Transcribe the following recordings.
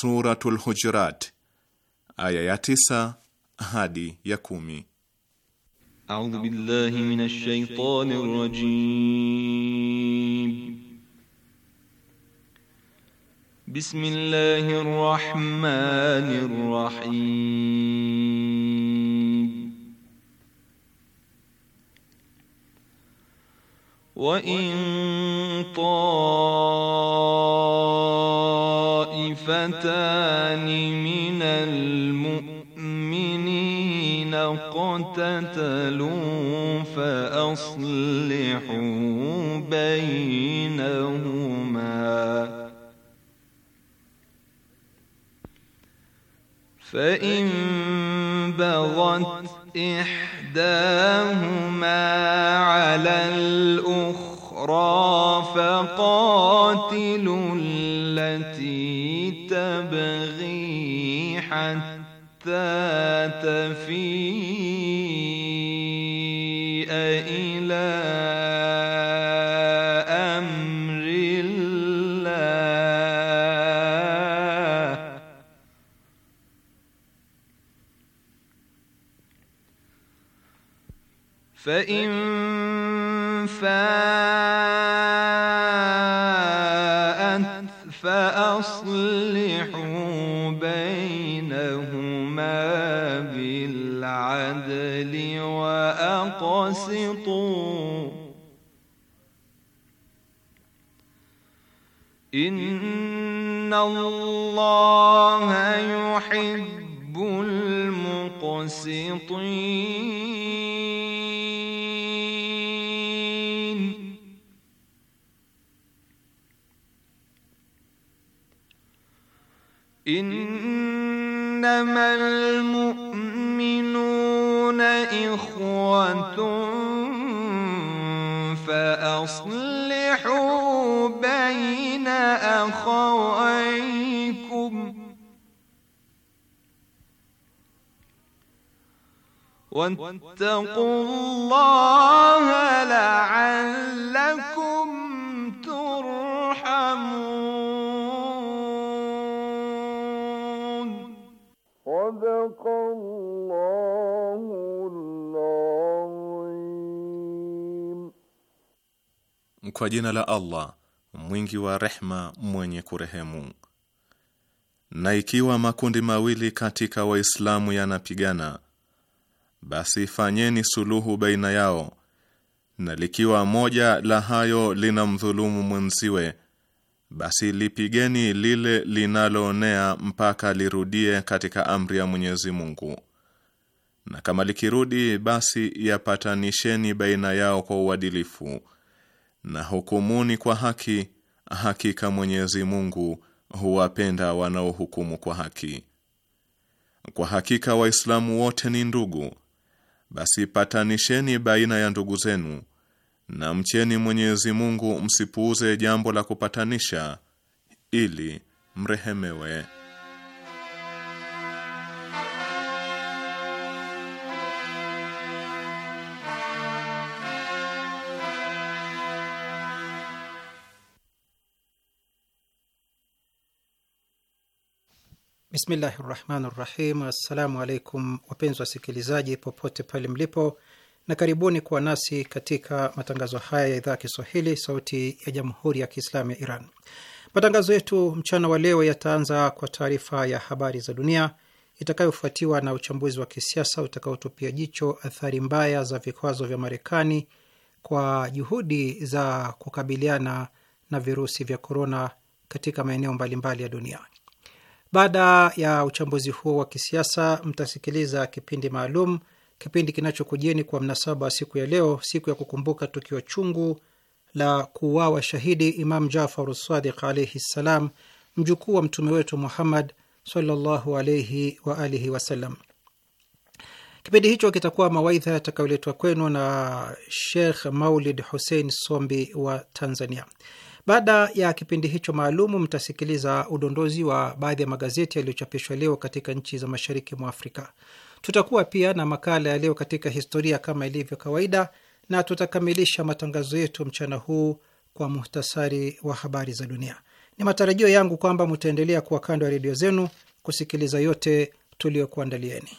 Suratul Hujurat aya ya tisa hadi ya kumi. A'udhu billahi minash shaitanir rajim. Bismillahir rahmanir خفتان من المؤمنين اقتتلوا فأصلحوا بينهما فإن بغت إحداهما على الأخرى فقاتلوا حتى تفيء إلى أمر الله فإن قاسطوا إن الله يحب المقسطين wattaqullaha la'allakum turhamun. Kwa jina la Allah mwingi wa rehma mwenye kurehemu. Na ikiwa makundi mawili katika Waislamu yanapigana basi fanyeni suluhu baina yao, na likiwa moja la hayo lina mdhulumu mwenziwe, basi lipigeni lile linaloonea mpaka lirudie katika amri ya Mwenyezi Mungu, na kama likirudi, basi yapatanisheni baina yao kwa uadilifu na hukumuni kwa haki. Hakika Mwenyezi Mungu huwapenda wanaohukumu kwa haki. Kwa hakika Waislamu wote ni ndugu basi patanisheni baina ya ndugu zenu na mcheni Mwenyezi Mungu, msipuuze jambo la kupatanisha ili mrehemewe. Bismillahi rahmani rahim. Assalamu alaikum wapenzi wasikilizaji popote pale mlipo, na karibuni kuwa nasi katika matangazo haya ya idhaa ya Kiswahili sauti ya jamhuri ya Kiislamu ya Iran. Matangazo yetu mchana wa leo yataanza kwa taarifa ya habari za dunia itakayofuatiwa na uchambuzi wa kisiasa utakaotupia jicho athari mbaya za vikwazo vya Marekani kwa juhudi za kukabiliana na virusi vya korona katika maeneo mbalimbali ya dunia. Baada ya uchambuzi huo wa kisiasa, mtasikiliza kipindi maalum, kipindi kinachokujieni kwa mnasaba wa siku ya leo, siku ya kukumbuka tukio chungu la kuuawa shahidi Imam Jafaru Sadiq alaihi ssalam, mjukuu wa mtume wetu Muhammad sallallahu alaihi wa alihi wasallam. Kipindi hicho kitakuwa mawaidha yatakayoletwa kwenu na Shekh Maulid Hussein Sombi wa Tanzania. Baada ya kipindi hicho maalumu, mtasikiliza udondozi wa baadhi ya magazeti yaliyochapishwa leo katika nchi za mashariki mwa Afrika. Tutakuwa pia na makala ya leo katika historia kama ilivyo kawaida, na tutakamilisha matangazo yetu mchana huu kwa muhtasari wa habari za dunia. Ni matarajio yangu kwamba mtaendelea kuwa kando ya redio zenu kusikiliza yote tuliyokuandalieni.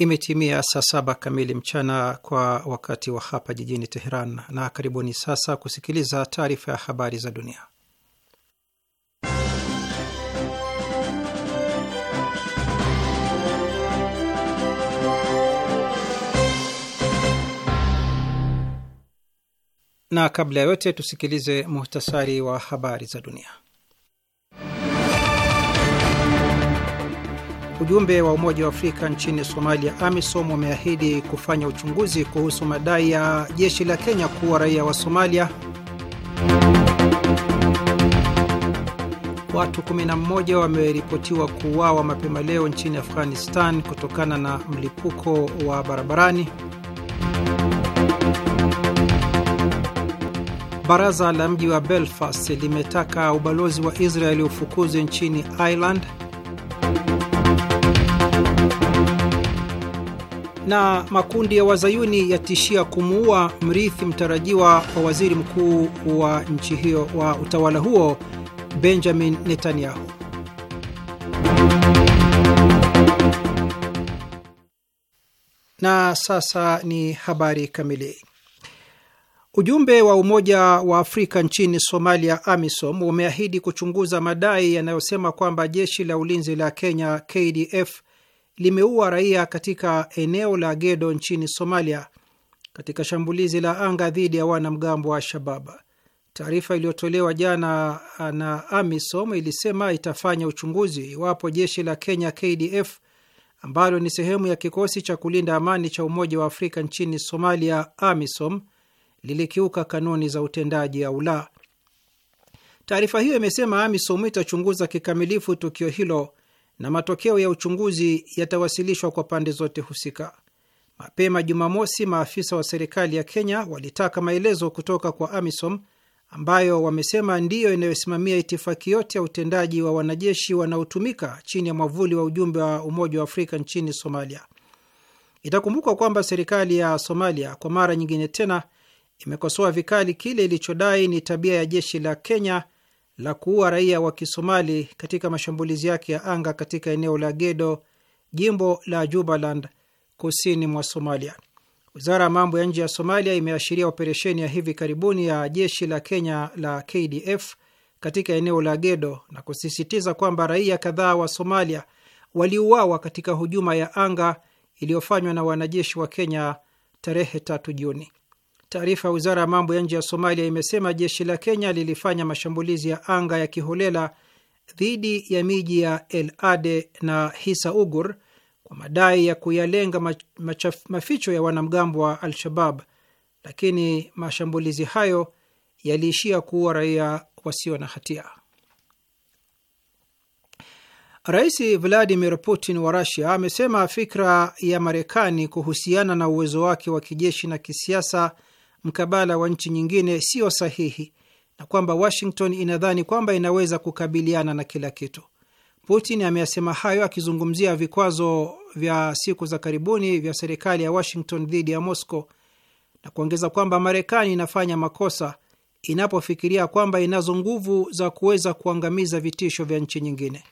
Imetimia saa saba kamili mchana kwa wakati wa hapa jijini Teheran, na karibuni sasa kusikiliza taarifa ya habari za dunia. Na kabla ya yote tusikilize muhtasari wa habari za dunia. Ujumbe wa Umoja wa Afrika nchini Somalia, AMISOM, umeahidi kufanya uchunguzi kuhusu madai ya jeshi la Kenya kuwa raia wa Somalia. Watu 11 wameripotiwa kuuawa mapema leo nchini Afghanistan kutokana na mlipuko wa barabarani. Baraza la mji wa Belfast limetaka ubalozi wa Israeli ufukuzwe nchini Ireland. na makundi ya wazayuni yatishia kumuua mrithi mtarajiwa wa waziri mkuu wa nchi hiyo wa utawala huo Benjamin Netanyahu. Na sasa ni habari kamili. Ujumbe wa Umoja wa Afrika nchini Somalia, AMISOM, umeahidi kuchunguza madai yanayosema kwamba jeshi la ulinzi la Kenya, KDF, limeua raia katika eneo la Gedo nchini Somalia katika shambulizi la anga dhidi ya wanamgambo wa al-shabab Taarifa iliyotolewa jana na AMISOM ilisema itafanya uchunguzi iwapo jeshi la Kenya KDF ambalo ni sehemu ya kikosi cha kulinda amani cha Umoja wa Afrika nchini Somalia, AMISOM, lilikiuka kanuni za utendaji au la. Taarifa hiyo imesema AMISOM itachunguza kikamilifu tukio hilo na matokeo ya uchunguzi yatawasilishwa kwa pande zote husika. Mapema Jumamosi, maafisa wa serikali ya Kenya walitaka maelezo kutoka kwa AMISOM ambayo wamesema ndiyo inayosimamia itifaki yote ya utendaji wa wanajeshi wanaotumika chini ya mwavuli wa ujumbe wa Umoja wa Afrika nchini Somalia. Itakumbukwa kwamba serikali ya Somalia kwa mara nyingine tena imekosoa vikali kile ilichodai ni tabia ya jeshi la Kenya la kuua raia wa Kisomali katika mashambulizi yake ya anga katika eneo la Gedo, jimbo la Jubaland, kusini mwa Somalia. Wizara ya mambo ya nje ya Somalia imeashiria operesheni ya hivi karibuni ya jeshi la Kenya la KDF katika eneo la Gedo na kusisitiza kwamba raia kadhaa wa Somalia waliuawa katika hujuma ya anga iliyofanywa na wanajeshi wa Kenya tarehe tatu Juni. Taarifa ya wizara ya mambo ya nje ya Somalia imesema jeshi la Kenya lilifanya mashambulizi ya anga ya kiholela dhidi ya miji ya El Ade na Hisa Ugur kwa madai ya kuyalenga maficho ya wanamgambo wa Al-Shabab, lakini mashambulizi hayo yaliishia kuua raia wasio na hatia. Rais Vladimir Putin wa Rusia amesema fikra ya Marekani kuhusiana na uwezo wake wa kijeshi na kisiasa mkabala wa nchi nyingine siyo sahihi na kwamba Washington inadhani kwamba inaweza kukabiliana na kila kitu. Putin ameyasema hayo akizungumzia vikwazo vya siku za karibuni vya serikali ya Washington dhidi ya Moscow na kuongeza kwamba Marekani inafanya makosa inapofikiria kwamba inazo nguvu za kuweza kuangamiza vitisho vya nchi nyingine.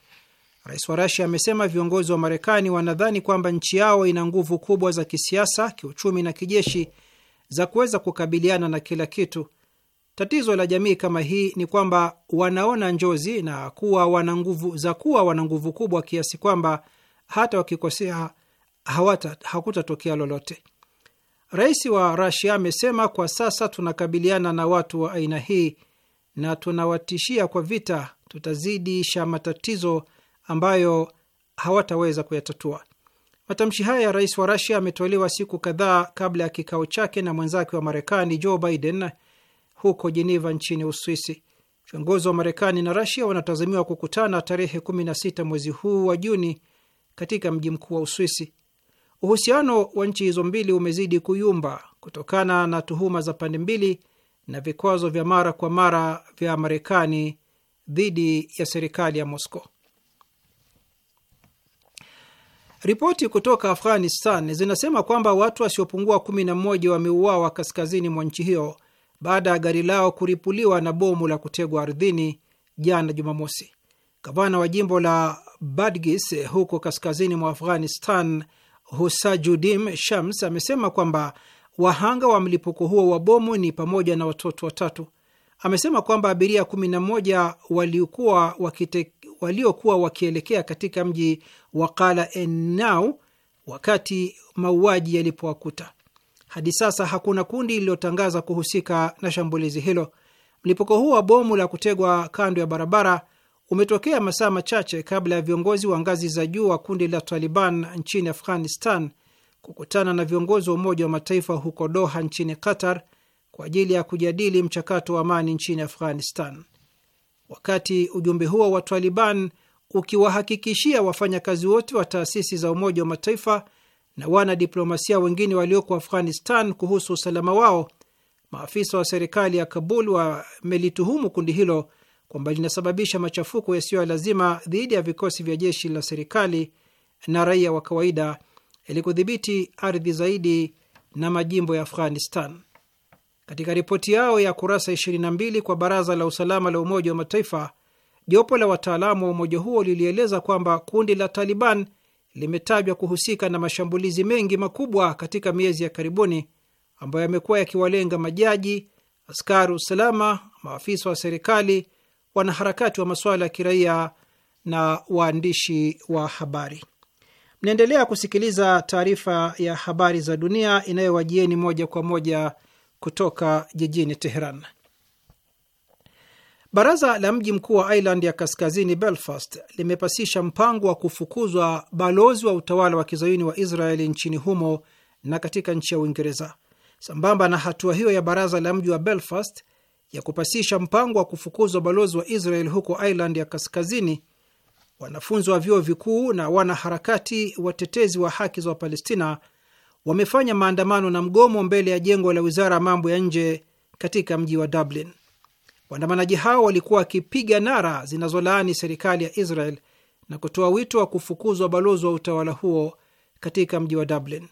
Rais wa Rasia amesema viongozi wa Marekani wanadhani kwamba nchi yao ina nguvu kubwa za kisiasa, kiuchumi na kijeshi za kuweza kukabiliana na kila kitu. Tatizo la jamii kama hii ni kwamba wanaona njozi na kuwa wana nguvu za kuwa wana nguvu kubwa kiasi kwamba hata wakikosea hawata hakutatokea lolote. Rais wa Rasia amesema kwa sasa tunakabiliana na watu wa aina hii na tunawatishia kwa vita, tutazidisha matatizo ambayo hawataweza kuyatatua. Matamshi haya ya rais wa Rasia ametolewa siku kadhaa kabla ya kikao chake na mwenzake wa Marekani Joe Biden huko Jeneva nchini Uswisi. Viongozi wa Marekani na Rasia wanatazamiwa kukutana tarehe 16 mwezi huu wa Juni katika mji mkuu wa Uswisi. Uhusiano wa nchi hizo mbili umezidi kuyumba kutokana na tuhuma za pande mbili na vikwazo vya mara kwa mara vya Marekani dhidi ya serikali ya Moscow. Ripoti kutoka Afghanistan zinasema kwamba watu wasiopungua 11 wameuawa kaskazini mwa nchi hiyo baada ya gari lao kuripuliwa na bomu la kutegwa ardhini jana Jumamosi. Gavana wa jimbo la Badghis huko kaskazini mwa Afghanistan, Husajudim Shams, amesema kwamba wahanga wa mlipuko huo wa bomu ni pamoja na watoto watatu. Amesema kwamba abiria 11 waliokuwa wakite waliokuwa wakielekea katika mji wa Qala Ennau wakati mauaji yalipowakuta. Hadi sasa hakuna kundi lililotangaza kuhusika na shambulizi hilo. Mlipuko huo wa bomu la kutegwa kando ya barabara umetokea masaa machache kabla ya viongozi wa ngazi za juu wa kundi la Taliban nchini Afghanistan kukutana na viongozi wa Umoja wa Mataifa huko Doha nchini Qatar kwa ajili ya kujadili mchakato wa amani nchini Afghanistan wakati ujumbe huo wa Taliban ukiwahakikishia wafanyakazi wote wa taasisi za Umoja wa Mataifa na wanadiplomasia wengine walioko Afghanistan kuhusu usalama wao, maafisa wa serikali ya Kabul wamelituhumu kundi hilo kwamba linasababisha machafuko yasiyo ya lazima dhidi ya vikosi vya jeshi la serikali na raia wa kawaida ili kudhibiti ardhi zaidi na majimbo ya Afghanistan. Katika ripoti yao ya kurasa 22 kwa Baraza la Usalama la Umoja wa Mataifa, jopo la wataalamu wa umoja huo lilieleza kwamba kundi la Taliban limetajwa kuhusika na mashambulizi mengi makubwa katika miezi ya karibuni ambayo yamekuwa yakiwalenga majaji, askari usalama, maafisa wa serikali, wanaharakati wa masuala ya kiraia na waandishi wa habari. Mnaendelea kusikiliza taarifa ya habari za dunia inayowajieni moja kwa moja kutoka jijini Teheran. Baraza la mji mkuu wa Ireland ya kaskazini Belfast limepasisha mpango wa kufukuzwa balozi wa utawala wa kizayuni wa Israeli nchini humo na katika nchi ya Uingereza. Sambamba na hatua hiyo ya baraza la mji wa Belfast ya kupasisha mpango wa kufukuzwa balozi wa Israeli huko Ireland ya kaskazini, wanafunzi wa vyuo vikuu na wanaharakati watetezi wa haki za Wapalestina wamefanya maandamano na mgomo mbele ya jengo la wizara ya mambo ya nje katika mji wa Dublin. Waandamanaji hao walikuwa wakipiga nara zinazolaani serikali ya Israel na kutoa wito wa kufukuzwa balozi wa utawala huo katika mji wa Dublin.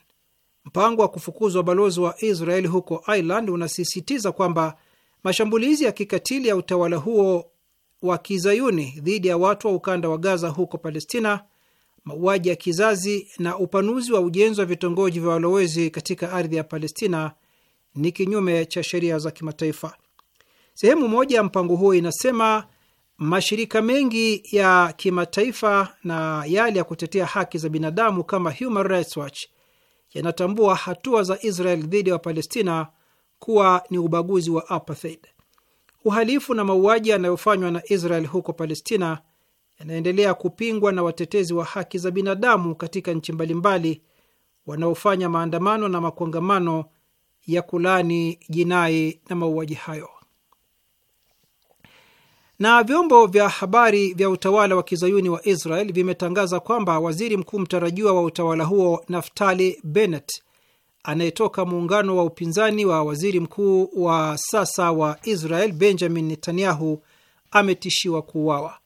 Mpango wa kufukuzwa balozi wa Israel huko Ireland unasisitiza kwamba mashambulizi ya kikatili ya utawala huo wa kizayuni dhidi ya watu wa ukanda wa Gaza huko Palestina mauaji ya kizazi na upanuzi wa ujenzi wa vitongoji vya walowezi katika ardhi ya Palestina ni kinyume cha sheria za kimataifa. Sehemu moja ya mpango huo inasema mashirika mengi ya kimataifa na yale ya kutetea haki za binadamu kama Human Rights Watch yanatambua hatua za Israel dhidi ya wa Palestina kuwa ni ubaguzi wa apartheid. Uhalifu na mauaji yanayofanywa na Israel huko Palestina yanaendelea kupingwa na watetezi wa haki za binadamu katika nchi mbalimbali wanaofanya maandamano na makongamano ya kulani jinai na mauaji hayo. Na vyombo vya habari vya utawala wa kizayuni wa Israel vimetangaza kwamba waziri mkuu mtarajiwa wa utawala huo Naftali Bennett anayetoka muungano wa upinzani wa waziri mkuu wa sasa wa Israel Benjamin Netanyahu ametishiwa kuuawa.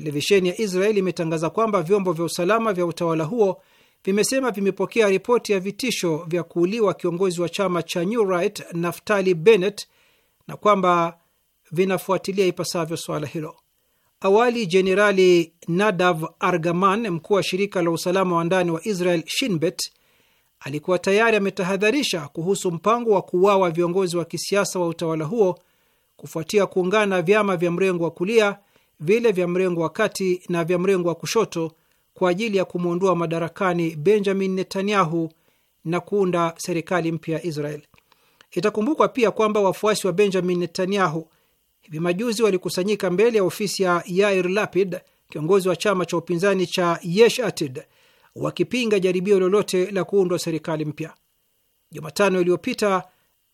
Televisheni ya Israeli imetangaza kwamba vyombo vya usalama vya utawala huo vimesema vimepokea ripoti ya vitisho vya kuuliwa kiongozi wa chama cha New Right Naftali Bennett na kwamba vinafuatilia ipasavyo suala hilo. Awali Jenerali Nadav Argaman, mkuu wa shirika la usalama wa ndani wa Israel Shinbet, alikuwa tayari ametahadharisha kuhusu mpango wa kuuawa viongozi wa kisiasa wa utawala huo kufuatia kuungana vyama vya mrengo wa kulia vile vya mrengo wa kati na vya mrengo wa kushoto kwa ajili ya kumwondoa madarakani Benjamin Netanyahu na kuunda serikali mpya ya Israel. Itakumbukwa pia kwamba wafuasi wa Benjamin Netanyahu hivi majuzi walikusanyika mbele ya ofisi ya Yair Lapid, kiongozi wa chama cha upinzani cha Yesh Atid, wakipinga jaribio lolote la kuundwa serikali mpya. Jumatano iliyopita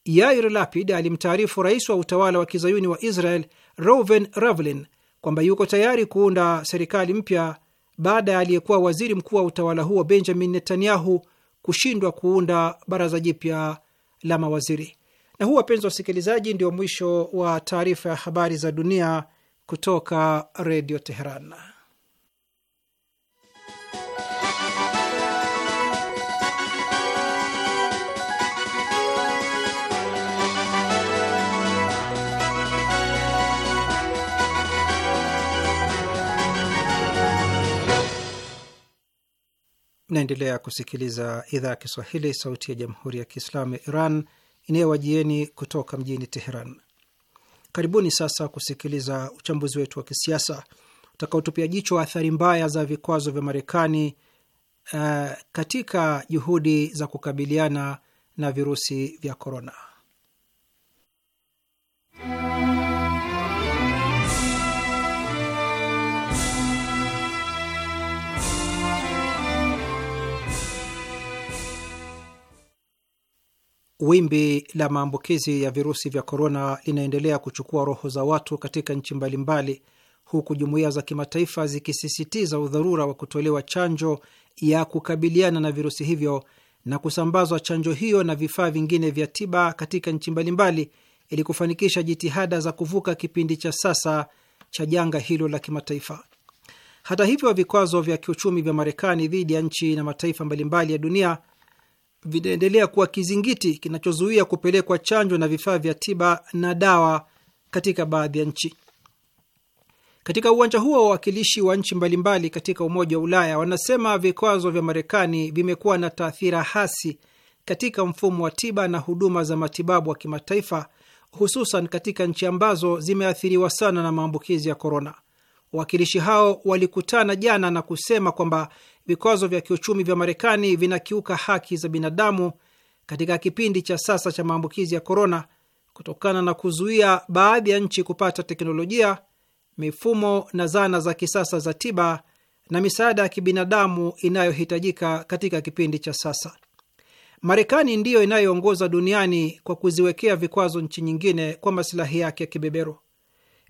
Yair Lapid alimtaarifu rais wa utawala wa kizayuni wa Israel Reuven Rivlin kwamba yuko tayari kuunda serikali mpya baada ya aliyekuwa waziri mkuu wa utawala huo Benjamin Netanyahu kushindwa kuunda baraza jipya la mawaziri. Na huu, wapenzi wa wasikilizaji, ndio mwisho wa taarifa ya habari za dunia kutoka Redio Teheran. Mnaendelea kusikiliza idhaa ya Kiswahili, sauti ya jamhuri ya kiislamu ya Iran inayowajieni kutoka mjini Teheran. Karibuni sasa kusikiliza uchambuzi wetu wa kisiasa utakaotupia jicho athari mbaya za vikwazo vya Marekani uh, katika juhudi za kukabiliana na virusi vya korona. Wimbi la maambukizi ya virusi vya korona linaendelea kuchukua roho za watu katika nchi mbalimbali, huku jumuiya za kimataifa zikisisitiza udharura wa kutolewa chanjo ya kukabiliana na virusi hivyo na kusambazwa chanjo hiyo na vifaa vingine vya tiba katika nchi mbalimbali ili kufanikisha jitihada za kuvuka kipindi cha sasa cha janga hilo la kimataifa. Hata hivyo, vikwazo vya kiuchumi vya Marekani dhidi ya nchi na mataifa mbalimbali ya dunia vinaendelea kuwa kizingiti kinachozuia kupelekwa chanjo na vifaa vya tiba na dawa katika baadhi ya nchi. Katika uwanja huo, wawakilishi wa nchi mbalimbali katika Umoja wa Ulaya wanasema vikwazo vya Marekani vimekuwa na taathira hasi katika mfumo wa tiba na huduma za matibabu wa kimataifa, hususan katika nchi ambazo zimeathiriwa sana na maambukizi ya korona. Wawakilishi hao walikutana jana na kusema kwamba vikwazo vya kiuchumi vya Marekani vinakiuka haki za binadamu katika kipindi cha sasa cha maambukizi ya korona, kutokana na kuzuia baadhi ya nchi kupata teknolojia, mifumo na zana za kisasa za tiba na misaada ya kibinadamu inayohitajika katika kipindi cha sasa. Marekani ndiyo inayoongoza duniani kwa kuziwekea vikwazo nchi nyingine kwa masilahi yake ya kibebero.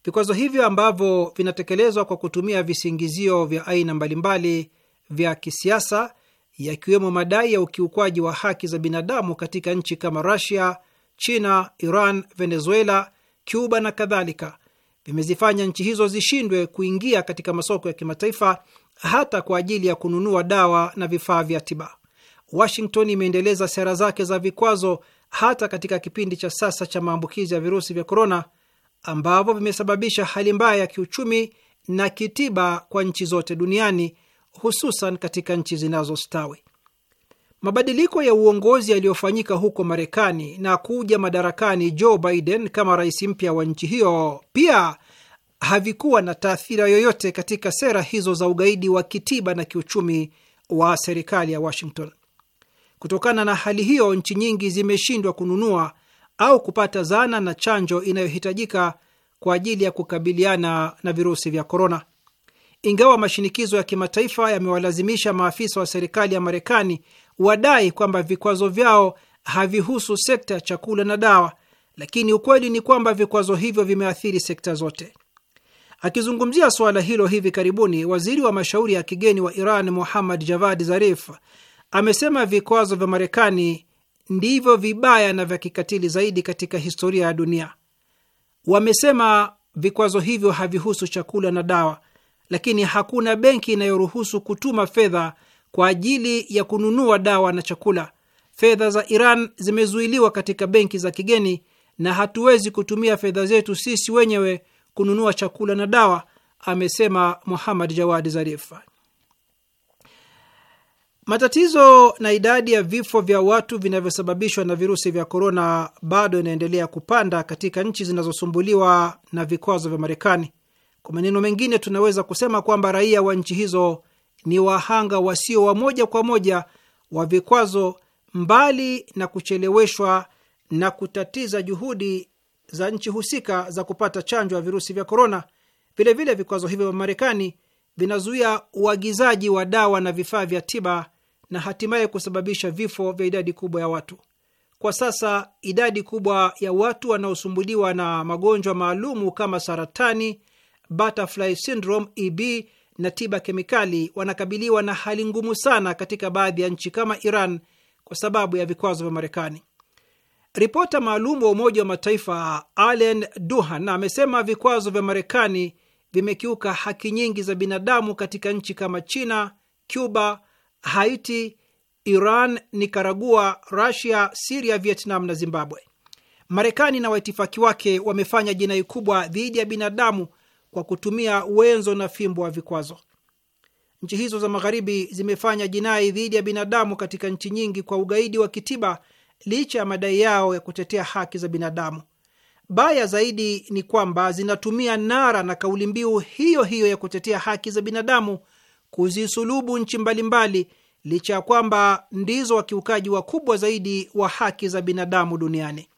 Vikwazo hivyo ambavyo vinatekelezwa kwa kutumia visingizio vya aina mbalimbali vya kisiasa yakiwemo madai ya ukiukwaji wa haki za binadamu katika nchi kama Rusia, China, Iran, Venezuela, Cuba na kadhalika vimezifanya nchi hizo zishindwe kuingia katika masoko ya kimataifa hata kwa ajili ya kununua dawa na vifaa vya tiba. Washington imeendeleza sera zake za vikwazo hata katika kipindi cha sasa cha maambukizi ya virusi vya korona ambavyo vimesababisha hali mbaya ya kiuchumi na kitiba kwa nchi zote duniani hususan katika nchi zinazostawi. Mabadiliko ya uongozi yaliyofanyika huko Marekani na kuja madarakani Joe Biden kama rais mpya wa nchi hiyo pia havikuwa na taathira yoyote katika sera hizo za ugaidi wa kitiba na kiuchumi wa serikali ya Washington. Kutokana na hali hiyo, nchi nyingi zimeshindwa kununua au kupata zana na chanjo inayohitajika kwa ajili ya kukabiliana na virusi vya korona ingawa mashinikizo ya kimataifa yamewalazimisha maafisa wa serikali ya Marekani wadai kwamba vikwazo vyao havihusu sekta ya chakula na dawa, lakini ukweli ni kwamba vikwazo hivyo vimeathiri sekta zote. Akizungumzia suala hilo hivi karibuni, waziri wa mashauri ya kigeni wa Iran Muhammad Javad Zarif amesema vikwazo vya Marekani ndivyo vibaya na vya kikatili zaidi katika historia ya dunia. Wamesema vikwazo hivyo havihusu chakula na dawa lakini hakuna benki inayoruhusu kutuma fedha kwa ajili ya kununua dawa na chakula. Fedha za Iran zimezuiliwa katika benki za kigeni, na hatuwezi kutumia fedha zetu sisi wenyewe kununua chakula na dawa, amesema Muhammad Jawad Zarif. Matatizo na idadi ya vifo vya watu vinavyosababishwa na virusi vya korona bado inaendelea kupanda katika nchi zinazosumbuliwa na vikwazo vya Marekani. Kwa maneno mengine, tunaweza kusema kwamba raia wa nchi hizo ni wahanga wasio wa moja kwa moja wa vikwazo, mbali na kucheleweshwa na kutatiza juhudi za nchi husika za kupata chanjo ya virusi vya korona. Vilevile, vikwazo hivyo vya Marekani vinazuia uagizaji wa dawa na vifaa vya tiba na hatimaye kusababisha vifo vya idadi kubwa ya watu. Kwa sasa idadi kubwa ya watu wanaosumbuliwa na magonjwa maalumu kama saratani butterfly syndrome EB na tiba kemikali wanakabiliwa na hali ngumu sana katika baadhi ya nchi kama Iran kwa sababu ya vikwazo vya Marekani. Ripota maalum wa Umoja wa Mataifa Allen Duhan amesema vikwazo vya Marekani vimekiuka haki nyingi za binadamu katika nchi kama China, Cuba, Haiti, Iran, Nikaragua, Rusia, Siria, Vietnam na Zimbabwe. Marekani na waitifaki wake wamefanya jinai kubwa dhidi ya binadamu kwa kutumia wenzo na fimbo wa vikwazo. Nchi hizo za magharibi zimefanya jinai dhidi ya binadamu katika nchi nyingi kwa ugaidi wa kitiba, licha ya madai yao ya kutetea haki za binadamu. Baya zaidi ni kwamba zinatumia nara na kauli mbiu hiyo hiyo ya kutetea haki za binadamu kuzisulubu nchi mbalimbali, licha ya kwamba ndizo wakiukaji wakubwa zaidi wa haki za binadamu duniani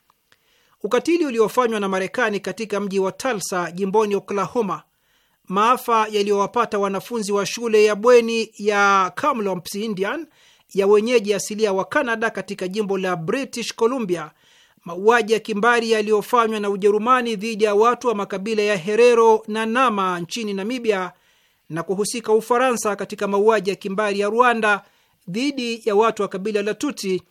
ukatili uliofanywa na Marekani katika mji wa Tulsa jimboni Oklahoma, maafa yaliyowapata wanafunzi wa shule ya bweni ya Kamloops Indian ya wenyeji asilia wa Canada katika jimbo la British Columbia, mauaji ya kimbari yaliyofanywa na Ujerumani dhidi ya watu wa makabila ya Herero na Nama nchini Namibia, na kuhusika Ufaransa katika mauaji ya kimbari ya Rwanda dhidi ya watu wa kabila la Tutsi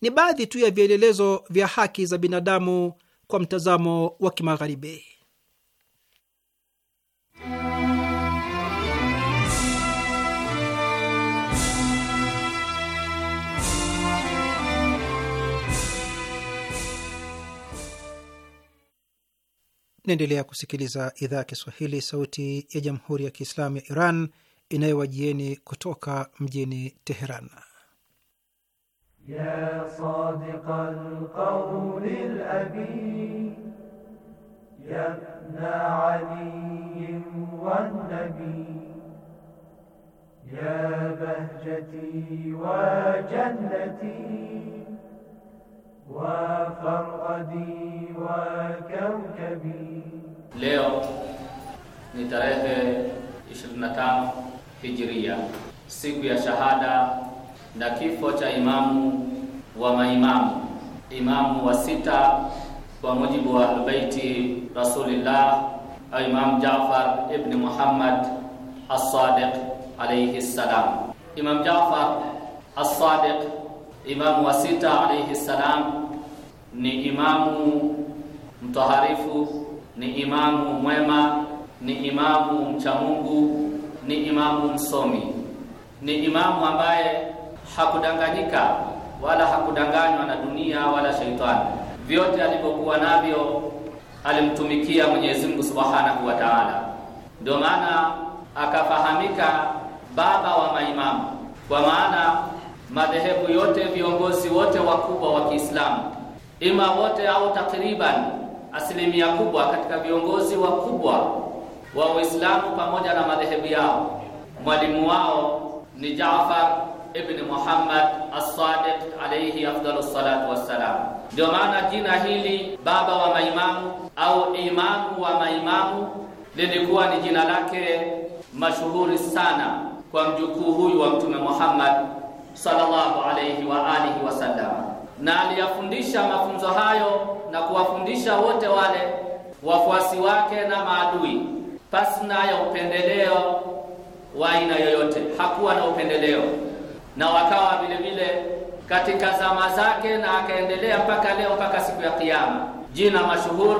ni baadhi tu ya vielelezo vya haki za binadamu kwa mtazamo wa Kimagharibi. Naendelea kusikiliza idhaa ya Kiswahili, sauti ya jamhuri ya kiislamu ya Iran inayowajieni kutoka mjini Teheran. يا صادق القول الأبي يا ابن علي والنبي يا بهجتي وجنتي وفرغدي وكوكبي اليوم ni tarehe 25 هجرية siku ya shahada na kifo cha imamu wa maimamu, imamu wa sita kwa mujibu wa Ahlubaiti Rasulillah au Imam Jafar ibn Muhammad As-Sadiq alayhi salam. Imam Jafar as imamu wa sita alayhi salam, ni imamu mtoharifu, ni imamu mwema, ni imamu mchamungu, ni imamu msomi, ni imamu ambaye hakudanganyika wala hakudanganywa na dunia wala shaitani. Vyote alivyokuwa navyo alimtumikia Mwenyezi Mungu Subhanahu wa Ta'ala, ndio maana akafahamika baba wa maimamu, kwa maana madhehebu yote, viongozi wote wakubwa wa Kiislamu, ima wote au takriban asilimia kubwa katika viongozi wakubwa wa Uislamu pamoja na madhehebu yao, mwalimu wao ni Jaafar ibn Muhammad as-Sadiq alayhi afdalu salatu wassalam. Ndio maana jina hili baba wa maimamu au imamu wa maimamu lilikuwa ni jina lake mashuhuri sana kwa mjukuu huyu wa Mtume Muhammad sallallahu alayhi wa alihi wasallam, na aliyafundisha mafunzo hayo na kuwafundisha wote wale wafuasi wake na maadui pasina ya upendeleo wa aina yoyote. Hakuwa na upendeleo na wakawa vile vile katika zama zake, na akaendelea mpaka leo, mpaka siku ya Kiyama. Jina mashuhur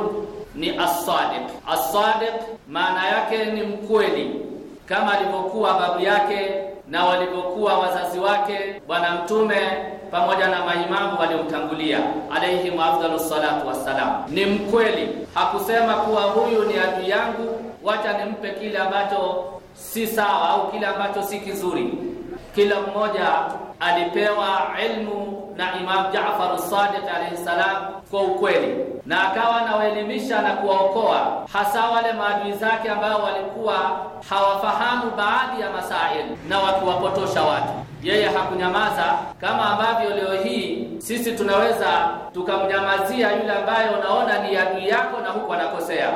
ni As-Sadiq. As-Sadiq maana yake ni mkweli, kama alivyokuwa babu yake na walivyokuwa wazazi wake, Bwana Mtume pamoja na maimamu waliomtangulia alayhi afdalu salatu wassalam. Ni mkweli, hakusema kuwa huyu ni adui yangu, wacha nimpe kile ambacho si sawa au kile ambacho si kizuri kila mmoja alipewa ilmu na Imam Jaafar Sadiq alayhi salam kwa ukweli, na akawa anawaelimisha na kuwaokoa hasa wale maadui zake ambao walikuwa hawafahamu baadhi ya masaili na wakiwapotosha watu. Yeye hakunyamaza kama ambavyo leo hii sisi tunaweza tukamnyamazia yule ambaye unaona ni adui yako na huku anakosea,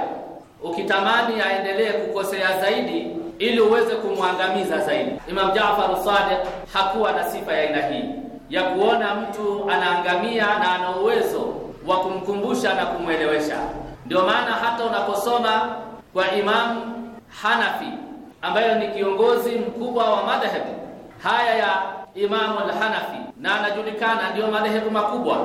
ukitamani aendelee kukosea zaidi ili uweze kumwangamiza zaidi. Imam Jaafar Sadiq hakuwa na sifa ya aina hii ya kuona mtu anaangamia na ana uwezo wa kumkumbusha na kumwelewesha. Ndio maana hata unaposoma kwa Imam Hanafi ambayo ni kiongozi mkubwa wa madhehebu haya ya Imamu al-Hanafi na anajulikana, ndiyo madhehebu makubwa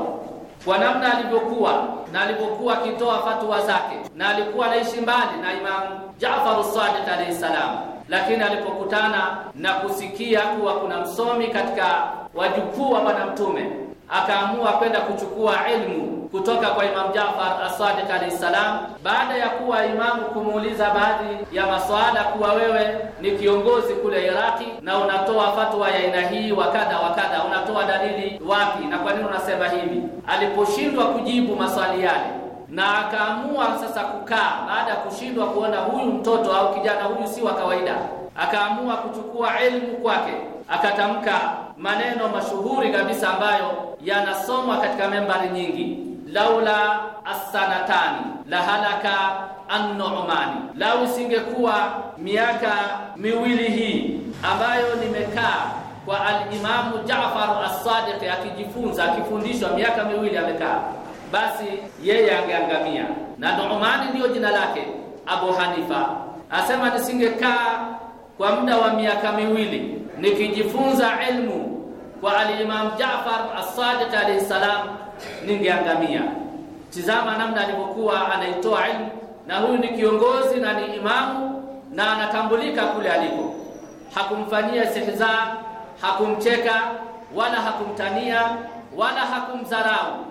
kwa namna alivyokuwa na alivyokuwa akitoa fatwa zake, na alikuwa anaishi mbali na Imamu Jafaru Sadiq alayhi salam, lakini alipokutana na kusikia kuwa kuna msomi katika wajukuu wa Bwana Mtume akaamua kwenda kuchukua ilmu kutoka kwa Imam jafar as-Sadiq salam, baada ya kuwa imamu kumuuliza baadhi ya maswala kuwa wewe ni kiongozi kule Iraki na unatoa fatwa ya aina hii wa kadha wa kadha, unatoa dalili wapi na kwa nini unasema hivi? Aliposhindwa kujibu maswali yale na akaamua sasa kukaa, baada ya kushindwa kuona huyu mtoto au kijana huyu si wa kawaida, akaamua kuchukua ilmu kwake akatamka maneno mashuhuri kabisa ambayo yanasomwa katika membari nyingi, laula assanatani la halaka annumani, lau singekuwa miaka miwili hii ambayo nimekaa kwa alimamu imamu Jaafar as-Sadiq akijifunza akifundishwa miaka miwili amekaa, basi yeye angeangamia. Na Nu'mani ndiyo jina lake. Abu Hanifa asema nisingekaa kwa muda wa miaka miwili nikijifunza ilmu kwa alimam jafar Jaafar as-Sadiq alayhi salam ningeangamia. Tizama namna alivyokuwa anaitoa ilmu, na huyu ni kiongozi na ni imamu na anatambulika kule aliko. Hakumfanyia sihza, hakumcheka wala hakumtania wala hakumdharau.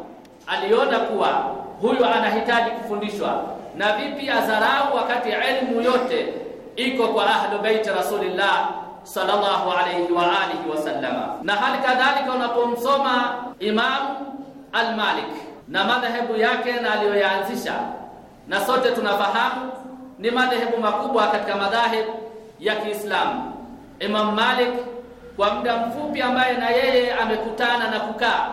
Aliona kuwa huyu anahitaji kufundishwa, na vipi adharau wakati ilmu yote iko kwa ahlu Bait Rasulillah sallallahu alayhi wa alihi sallama. Na hali kadhalika unapomsoma Imamu Al-Malik na madhehebu yake na aliyoyaanzisha, na sote tunafahamu ni madhehebu makubwa katika madhehebu ya Kiislamu. Imam Malik kwa muda mfupi ambaye na yeye amekutana na kukaa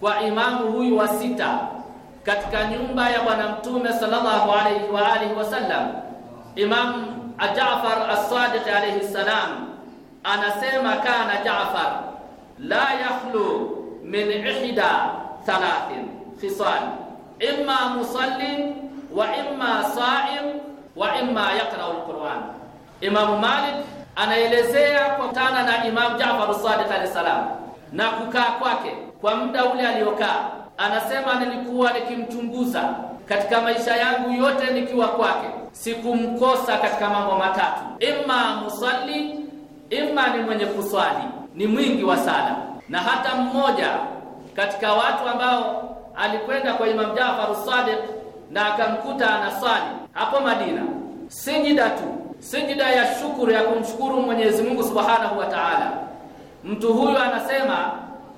kwa imamu huyu wa sita katika nyumba ya Bwana Mtume sallallahu alayhi wa alihi wasallam, Imam Jafar As-Sadiq alayhi salam anasema kana Jaafar la yakhlu min ihda thalathin khisal imma musalli wa imma saim wa imma yaqra'u alquran. Imam Malik anaelezea kutana na Imam Jaafar Sadiq alayhi salam na kukaa kwake kwa muda ule aliyokaa, anasema nilikuwa nikimchunguza katika maisha yangu yote nikiwa kwake, sikumkosa katika mambo matatu: imma musalli ima ni mwenye kuswali, ni mwingi wa sala. Na hata mmoja katika watu ambao alikwenda kwa Imam Jafar Sadiq na akamkuta anaswali hapo Madina, sijida tu, sijida ya shukuru ya kumshukuru Mwenyezi Mungu Subhanahu wa Ta'ala. Mtu huyu anasema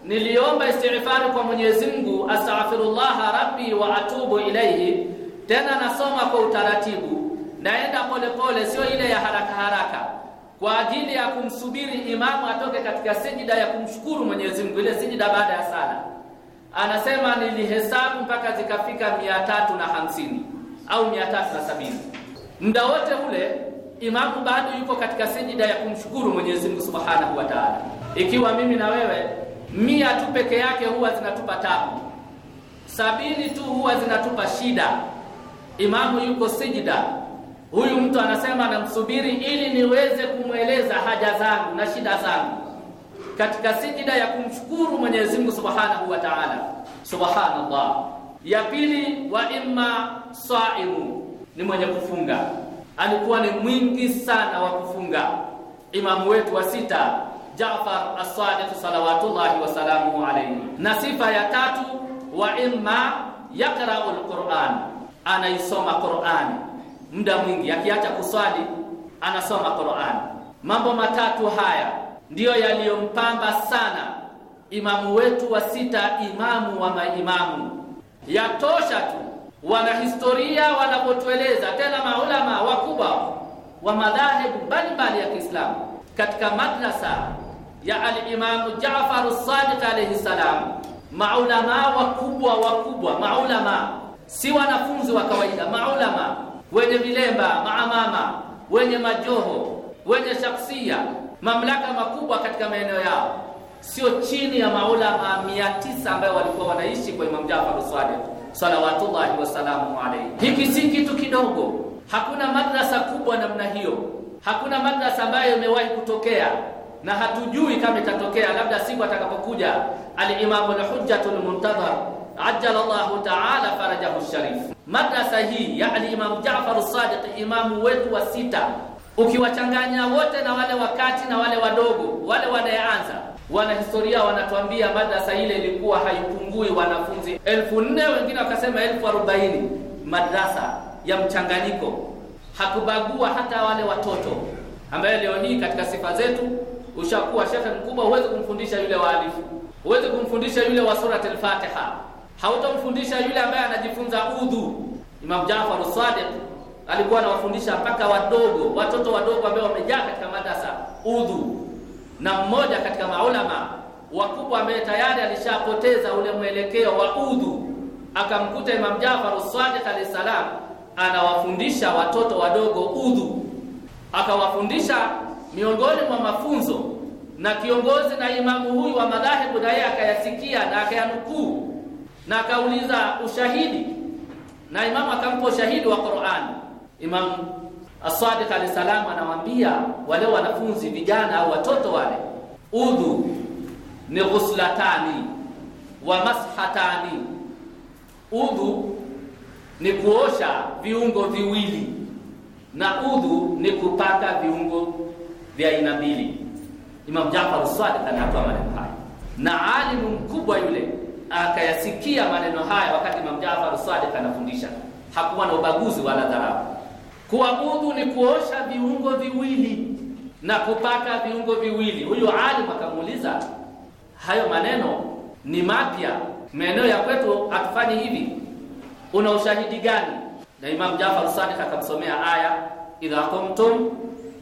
niliomba istighfari kwa Mwenyezi Mungu, astaghfirullah rabbi wa atubu ilaihi, tena nasoma kwa utaratibu, naenda polepole, sio ile ya haraka haraka kwa ajili ya kumsubiri imamu atoke katika sijida ya kumshukuru Mwenyezi Mungu, ile sijida baada ya sala. Anasema nilihesabu mpaka zikafika mia tatu na hamsini au mia tatu na sabini Muda wote ule imamu bado yuko katika sijida ya kumshukuru Mwenyezi Mungu Subhanahu wa Ta'ala. Ikiwa mimi na wewe mia tu peke yake huwa zinatupa tabu, sabini tu huwa zinatupa shida. Imamu yuko sijida huyu mtu anasema namsubiri ili niweze kumweleza haja zangu na shida zangu katika sijida ya kumshukuru Mwenyezi Mungu Subhanahu wa Ta'ala. Subhanallah. Ya pili, wa imma saimu, ni mwenye kufunga. Alikuwa ni mwingi sana wa kufunga, imamu wetu wa sita Jaafar As-Sadiq salawatullahi salamu alayhi. Na sifa ya tatu, wa imma yaqra'ul Qur'an, anaisoma Qur'ani muda mwingi, akiacha kuswali anasoma Qur'an. Mambo matatu haya ndiyo yaliyompamba sana imamu wetu wa sita, imamu wa maimamu. Yatosha tu wanahistoria wanapotueleza, tena maulama wakubwa wa madhahebu mbalimbali ya Kiislamu katika madrasa ya alimamu Jafar as-Sadiq alayhi salam, maulama wakubwa wakubwa, maulama si wanafunzi wa kawaida, maulama wenye vilemba, maamama, wenye majoho, wenye shaksia, mamlaka makubwa katika maeneo yao, sio chini ya maulama mia tisa ambayo walikuwa wanaishi kwa Imam Jaafar Sadiq salawatullahi wasalamu alayhi. Hiki si kitu kidogo. Hakuna madrasa kubwa namna hiyo, hakuna madrasa ambayo imewahi kutokea na hatujui kama itatokea, labda siku atakapokuja al-Imam al-Hujjatul Muntadhar ajala Allahu taala farajahu sharif. Madrasa hii ya Imamu Jafaru Sadiq, imamu wetu wa sita, ukiwachanganya wote na wale wakati na wale wadogo wale wanayeanza wanahistoria wanatuambia madrasa ile ilikuwa haipungui wanafunzi elfu nne wengine wakasema elfu arobaini madrasa ya mchanganyiko, hakubagua hata wale watoto, ambaye leo hii katika sifa zetu ushakuwa shekhe mkubwa, huwezi kumfundisha yule waalifu, huwezi kumfundisha yule wa al Fatiha hautamfundisha yule ambaye anajifunza udhu. Imam Jafar Sadiq alikuwa anawafundisha mpaka wadogo, watoto wadogo ambao wamejaa katika madrasa udhu, na mmoja katika maulama wakubwa ambaye tayari alishapoteza ule mwelekeo wa udhu, akamkuta Imam Jafar Sadiq alayhi salam anawafundisha watoto wadogo udhu, akawafundisha miongoni mwa mafunzo, na kiongozi na imamu huyu wa madhahibu naye akayasikia na akayanukuu na akauliza ushahidi, na imamu akampa ushahidi wa Qur'an. Imamu As-Sadiq alayhi salam anawaambia wale wanafunzi vijana au watoto wale, udhu ni ghuslatani wa mashatani, udhu ni kuosha viungo viwili na udhu ni kupaka viungo vya aina mbili. Imam jafar As-Sadiq anatoa maneno haya, na alimu mkubwa yule akayasikia maneno haya wakati Imam Jaafar Sadiq anafundisha. Hakuwa na ubaguzi wala dharau. Kuabudu ni kuosha viungo viwili na kupaka viungo viwili. Huyu alim akamuuliza, hayo maneno ni mapya, maeneo ya kwetu hatufanyi hivi, una ushahidi gani? Na Imam Jaafar Sadiq akamsomea aya, idha qumtum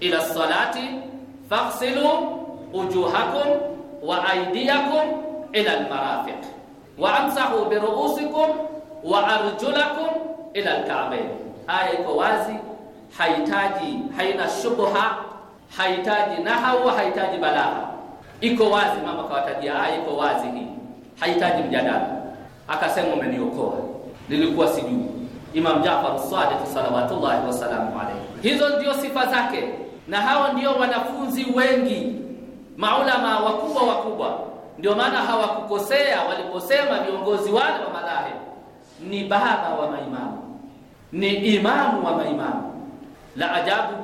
ila salati faghsilu wujuhakum wa aydiyakum ila almarafiq waamsahu biruusikum wa arjulakum ila alka'bayn. Haya iko wazi, haitaji haina shubha, haitaji nahau, haitaji balagha, iko wazi. Mama kawatajia haya, iko wazi, hii haitaji mjadala. Akasema umeniokoa, nilikuwa sijui. Imam Jafar Sadiq salawatullahi wasalamu alayhi. Hizo ndio sifa zake, na hao ndio wanafunzi wengi maulama wakubwa wakubwa ndio maana hawakukosea waliposema viongozi wale wa malahe ni baba wa maimamu, ni imamu wa maimamu. La ajabu,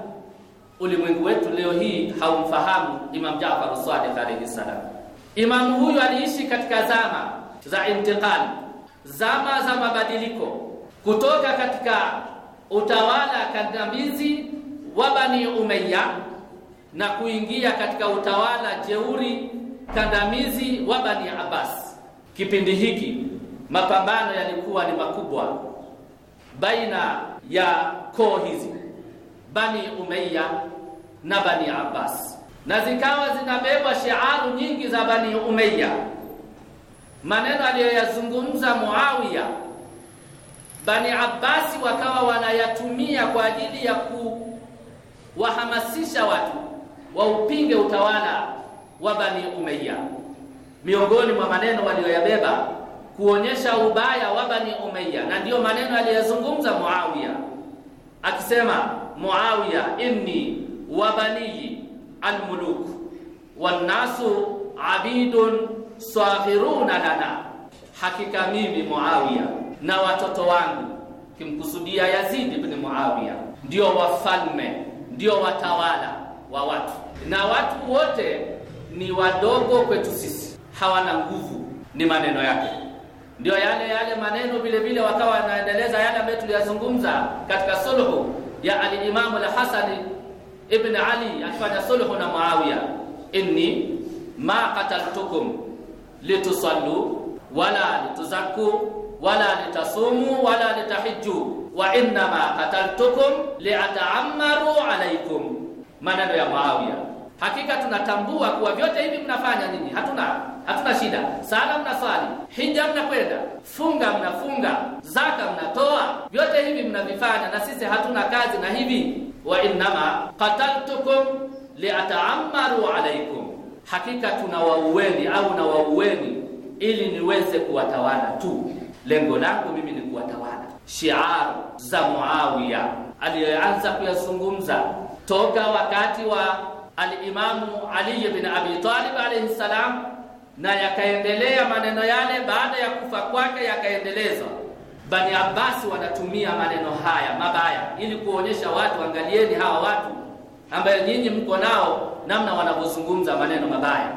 ulimwengu wetu leo hii haumfahamu Imam jafar sadiq alayhi salam. Imamu huyu aliishi katika zama za intiqali, zama za mabadiliko kutoka katika utawala kandamizi wa Bani Umayya na kuingia katika utawala jeuri kandamizi wa Bani Abbas. Kipindi hiki mapambano yalikuwa ni makubwa baina ya koo hizi Bani Umayya na Bani Abbas, na zikawa zinabebwa shiaru nyingi za Bani Umayya. Maneno aliyoyazungumza Muawiya, Bani Abbasi wakawa wanayatumia kwa ajili ya kuwahamasisha watu waupinge utawala wa Bani Umayya, miongoni mwa maneno waliyoyabeba kuonyesha ubaya wa Bani Umayya, na ndiyo maneno aliyozungumza Muawiya akisema, Muawiya inni wa baniyi almuluk wannasu abidun safiruna lana, hakika mimi Muawiya na watoto wangu, kimkusudia Yazid ibn Muawiya, ndio wafalme ndio watawala wa watu na watu wote ni wadogo kwetu sisi, hawana nguvu, ni maneno yake. Ndio yale yale maneno vile vile wakawa wanaendeleza yale ambayo tuliyazungumza katika suluhu ya alimamu Alhasani ibn Ali akifanya suluhu na Muawiya, inni ma qataltukum litusallu wala lituzakku wala litasumu wala litahijju wa innama qataltukum liata'ammaru alaykum, maneno ya Muawiya Hakika tunatambua kuwa vyote hivi mnafanya nini, hatuna hatuna shida. Sala mnaswali hija mnakwenda, funga mnafunga, zaka mnatoa, vyote hivi mnavifanya, na sisi hatuna kazi na hivi. Wa innama qataltukum liataammaru alaikum, hakika tunawaueni au nawaueni ili niweze kuwatawala tu. Lengo langu mimi ni kuwatawala. Shiar za Muawiya aliyoanza kuyazungumza toka wakati wa alimamu Ali bin Abi Talib alayhi salam, na yakaendelea maneno yale baada ya kufa kwake yakaendelezwa. Bani Abbas wanatumia maneno haya mabaya ili kuonyesha watu, angalieni hawa watu ambayo nyinyi mko nao, namna wanavyozungumza maneno mabaya.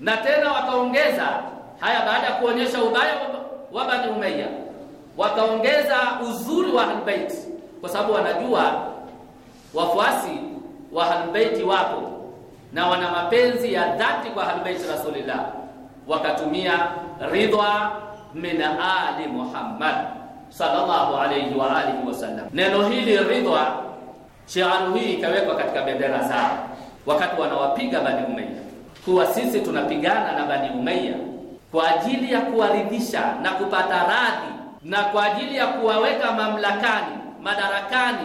Na tena wakaongeza haya baada ya kuonyesha ubaya wa Bani Umayya, wakaongeza uzuri wa Ahlul Bait, kwa sababu wanajua wafuasi wa Ahlul Bait wapo na wana mapenzi ya dhati kwa ahlubaiti rasulillah, wakatumia ridha min ali Muhammad sallallahu alayhi wa alihi wasallam. Neno hili ridha, shiaru hii ikawekwa katika bendera zao wakati wanawapiga Bani Umayya, kuwa sisi tunapigana na Bani Umayya kwa ajili ya kuwaridhisha na kupata radhi na kwa ajili ya kuwaweka mamlakani madarakani